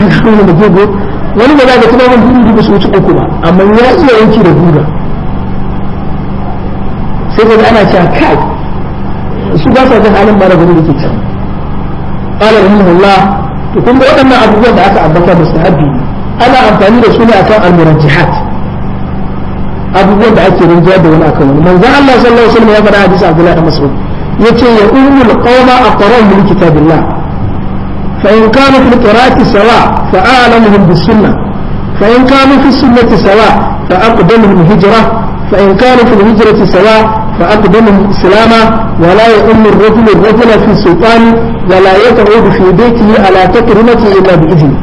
S1: kaga da gogo wani ba za ka tuna mun dubu dubu su wuce uku ba amma ya iya yanki da guga sai ka ana cewa kai su ba sa jin halin mara gudu da ke can qala rahimahullah to kun ga waɗannan abubuwan da aka ambata mustahabbi ana amfani da su ne akan al-murajjihat abubuwan da ake rinjaya da wani akan wani manzon Allah sallallahu alaihi wasallam ya faɗa hadisi Abdullah da Mas'ud yace ya ummul qawma aqra'u min kitabillah fa in kanu fi qira'ati sawa fa a'lamuhum bis sunnah fa in kanu fi sunnati sawa fa aqdamuhum hijra fa in kanu fi hijrati sawa فأقدمهم إسلاما ولا يؤم الرجل الرجل في سلطان ولا يقعد في بيته على تكرمته إلا بإذنه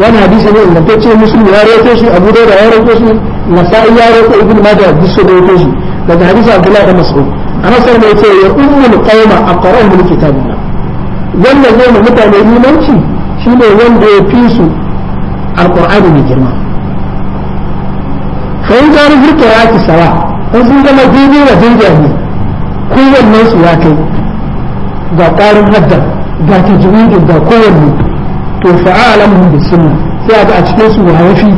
S1: وانا حديث ان لم تتشي مسلم يا ريتوشي ابو داود يا ريتوشي نسائي يا ريتو ابن ماجه بسو ريتوشي لكن حديث عبد الله بن مسعود ana sai mai ce ya ummul qauma aqra'uhum kitabillah wanda zai ma mutane imanci shine wanda ya fi su alqur'ani mai girma fa in ga rubuta ya ki sawa in sun zama dini da jinjani kowanne su ya kai ga ƙarin hadda ga tajwidin ga kowanne to fa'alamu bis sunna sai a cikin su wahafi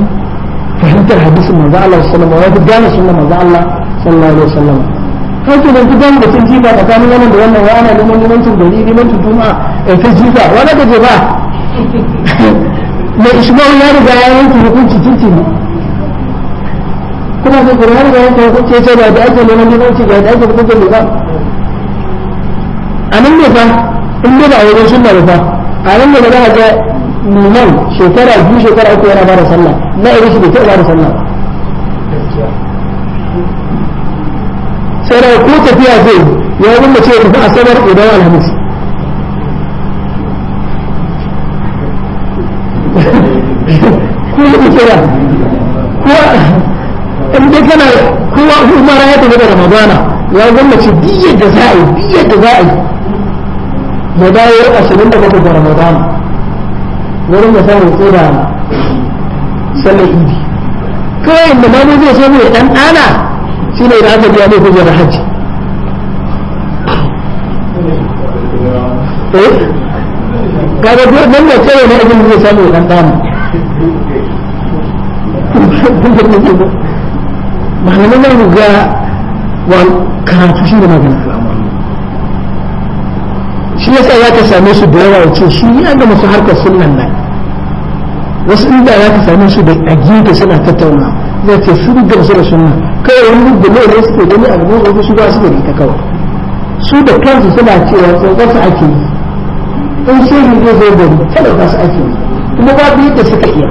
S1: fahimtar hadisin manzo Allah sallallahu alaihi wasallam ya gane manzo Allah sallallahu alaihi wasallam kake nan ku gani da cin jifa tsakanin wannan da wannan wani neman limancin gari limancin juma'a eh ta jifa wani ka je ba mai ishmael ya riga ya yanke hukunci tuntuni kuma sai kuma riga ya yanke hukunci ya ce da ake neman limanci ga da ake hukuncin da a nan ne fa in dai ba a wajen sunna ba fa a nan ne ba za a ga liman shekara biyu shekara uku yana ba da sallah na irin shi bai taɓa ba da sallah sai da ko tafiya zai ya yi mace ya tafi asabar idan alhamis kuma kira ko in dai kana kowa umara ya tafi da ramadana ya gwamnati biyar da za'a yi biyar da za'a yi ya dawo ashirin da bakwai da ramadana wurin da samun tsira sallar idi kawai da mamu zai so mu dan ana shi ne da aka biya mai hujjar hajji eh?
S2: Kada duk nan da cewa ne abin zai samu
S1: dan dama malamin nan ga wa karatu shi ka same su da yawa ce masu harkar sunan nan wasu inda za ka same su da agida suna tattaunawa na ce su gamsu da sunna kawai wani da ne suke gani a gaban su ba su da ita kawai su da kansu suna cewa tsotsar su ake yi in shehi zai zai gari ba su ake yi kuma biyu da suka iya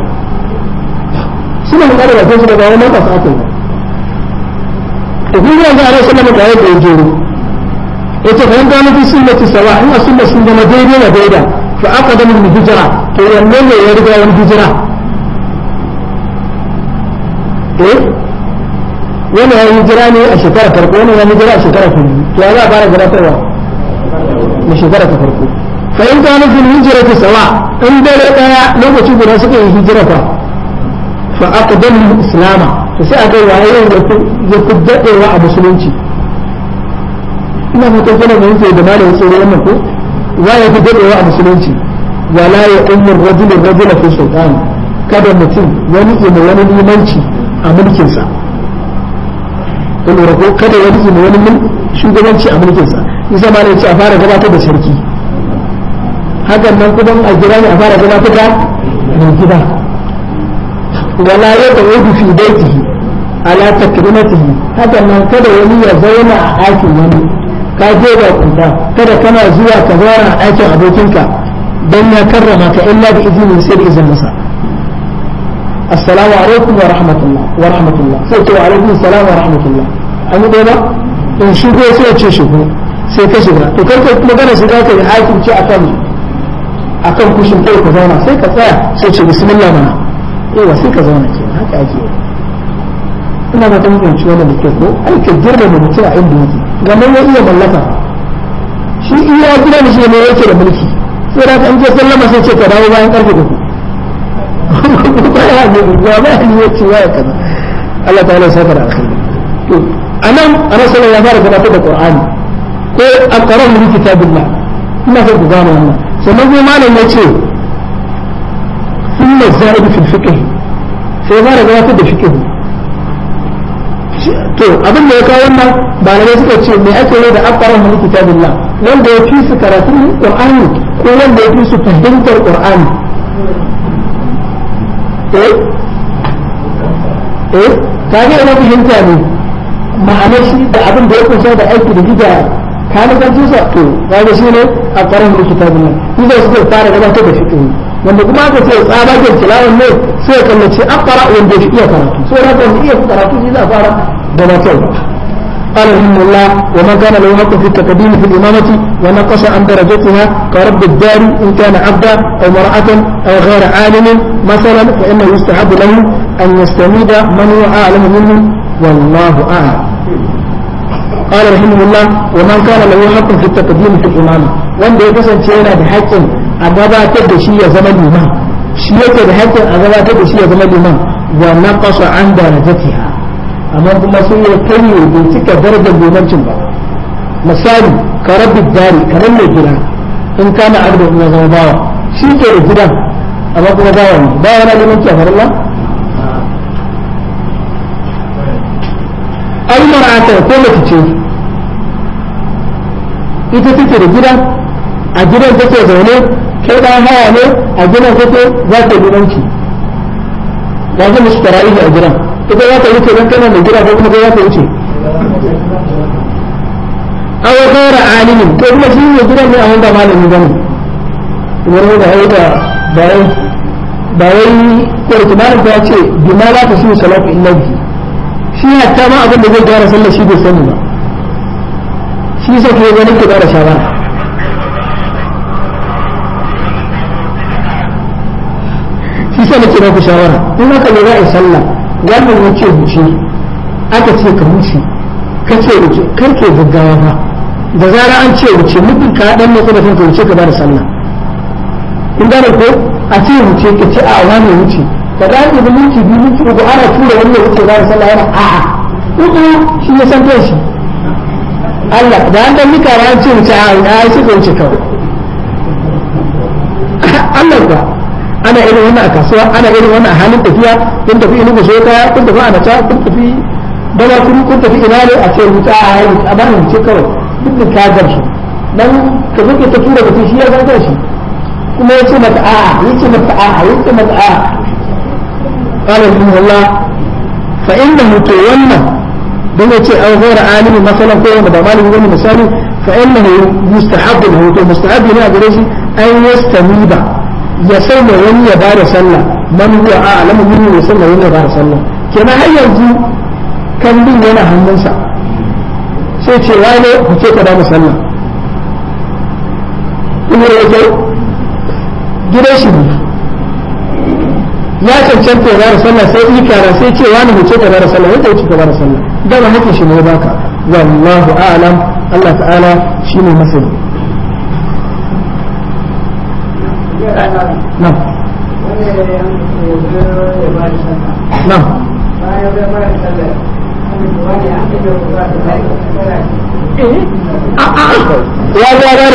S1: suna da ƙarfi da su da bayan mata su ake yi to kun yi yanzu a rai sallama tare da yajero ya ce bayan gano fi sunnati sawa ina sunna sun zama daidai na daida to aka da mun hijira to wanne ne ya riga wani hijira eh wani ya yi jira ne a shekara farko wani ya yi jira a shekara ta biyu to ya za a fara gabatarwa na shekara ta farko fa in kana fil ta sawa in dare daya lokaci guda suka yi hijira fa fa aqdamu islama to sai aka waye ya ku wa a musulunci ina fatan kana mun ce da malamin tsoro wannan ko waye ku wa a musulunci wala ya ummu rajulun rajula fi sultan kada mutum wani ima wani limanci a mulkinsa kun lura ko kada ya rike wani mun shugabanci a mulkinsa isa ma ne ce a fara gabatar da sarki hakan nan kuma a gida ne a fara gabatar da mai gida wala ya ta'udu fi baitihi ala takrimatihi hakan nan kada wani ya zauna a ɗakin wani ka je ba kunta kada kana zuwa ka zauna a ɗakin abokinka don ya karrama ka illa bi izinin sai da izinin sa assalamu alaikum wa rahmatullah wa rahmatullah sai ce wa alaikum assalam wa rahmatullah an yi dai in shigo sai ce shigo sai ka shiga to karka magana shiga ka yi hakim ce akan akan kushin kai ka zauna sai ka tsaya sai ce bismillah mana yawa sai ka zauna ke haka ake yi ina ba ta mutunci wannan da ke ko ai ka girma da mutum a inda yake gamar ya iya mallaka shi iya gina da shi ne yake da mulki sai da an je sallama sai ce ka dawo bayan karfe uku ya ne ya ba na ya ce kaza Allah ta'ala saka da alkhairi to anan rasul ya fara gabatar da qur'ani ko aqra min kitabillah ina so ku gane wannan sannan kuma malam ya ce thumma zaid fil fiqh sai fara gabatar da fiqh to abin da ya kawo wannan ba ne suka ce me ake yi da aqra min kitabillah wanda ya fi su karatun qur'ani ko wanda ya fi su fahimtar qur'ani eh eh ka ga ina fahimta ne ma'anar shi da abin da ya kunsa da aiki da gida ka na karfi sa to ka ga shi ne a karan da kitabun nan shi zai suka fara gabatar da fiqh eh. wanda kuma aka ce tsabagen tilawan ne sai ya kallace akara wanda ya iya karatu sai ya iya karatu shi za a fara gabatarwa قال رحمه الله وما كان له حق في التقديم في الإمامة ونقص عن درجتها كرب الدار إن كان عبدا أو مرأة أو غير عالم مثلا فإنه يستحب له أن يستميد من هو أعلم منه والله أعلم قال رحمه الله ومن كان له حق في التقديم في الإمامة وان ده شيئا بحق أغباتك شيء زمن الإمام شيئا بحق أغباتك شيء زمن الإمام ونقص عن درجتها amma kuma sai ya kai bai cika darajar gomancin ba misali ka rabbi dari karen mai gida in kana arba ina zama bawa shi ke da gidan amma kuma bawa ne bawa na neman kyafar Allah almar aka ko mace ce ita take da gida a gidan take zaune kai ɗan hawa ne a gidan take za ta gidanki ba zai mishi a gidan ita za ta wuce don kana mai gida ko kuma kai za ta wuce aw ghayra alimin ko kuma shi ne gidan ne a wanda malamin bane kuma ne da aida ba wai ba wai kurtumanin ta ce bima la ta shi salatu illa bi shi hatta ma abin da zai gyara sallar shi bai sani ba shi sai ke ganin ki da shawara shi sai nake ba ku shawara in aka lura in sallah wannan ya ce wuce aka ce ka wuce ka ce wuce karke gaggawa ba da zara an ce wuce mutum ka dan matsa da kanka wuce ka bada sallah in gane ko a ce wuce ka ce a wani wuce ka da ake minti biyu minti uku ana tura wannan wuce ba da sallah yana a'a uku shi ya san kai shi Allah da an dan mika ran ce wuce a ai sai ka wuce kawai Allah ba ana irin wannan a kasuwa ana irin wannan a halin tafiya kun tafi ilu sai kaya kun tafi anata kun tafi dama kun kun tafi ina ne a ce wuta a hayi a bani wuce kawai duk da ka gamsu dan ka zo ka tafi da mutum shi ya zantar shi kuma ya ce mata a'a ya ce mata a'a ya ce mata a'a qala rahimahullah fa innahu to wannan dan ya ce an ghaira alimi masalan ko wanda ba malami bane misali fa innahu mustahabbu lahu to mustahabbi ne a gare shi an yastamiba ya sanya wani ya bada sallah man huwa a'lam minhu ya sanya wani ya bada sallah kenan har yanzu kallin yana hannunsa sai ce wane ku ce ka bada sallah kuma ya ce gidan shi ya cancanta ya bada sallah sai yi kara sai ce wani ku ce ka bada sallah wanda ya ce ka bada sallah dama hakin shi ne ya baka wallahu a'lam Allah ta'ala shi ne masani nan nan ya ga ba da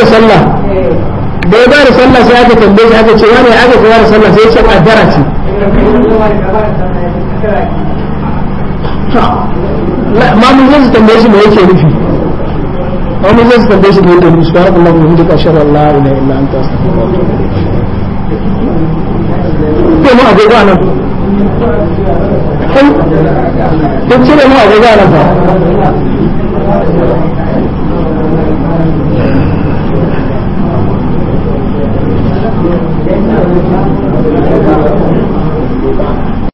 S1: sallah da ya ba sallah sai aka tambaye shi aka ce wani aka ga da sallah sai ya ce kaddara ce mamun zai su tambaye shi me yake nufi mamun zai su tambaye shi me yake nufi subhanallahi wa bihamdihi ashhadu an la ilaha illa anta astaghfiruka wa atubu ilayk
S2: cire mu agogo a nan kun cire mu nan ba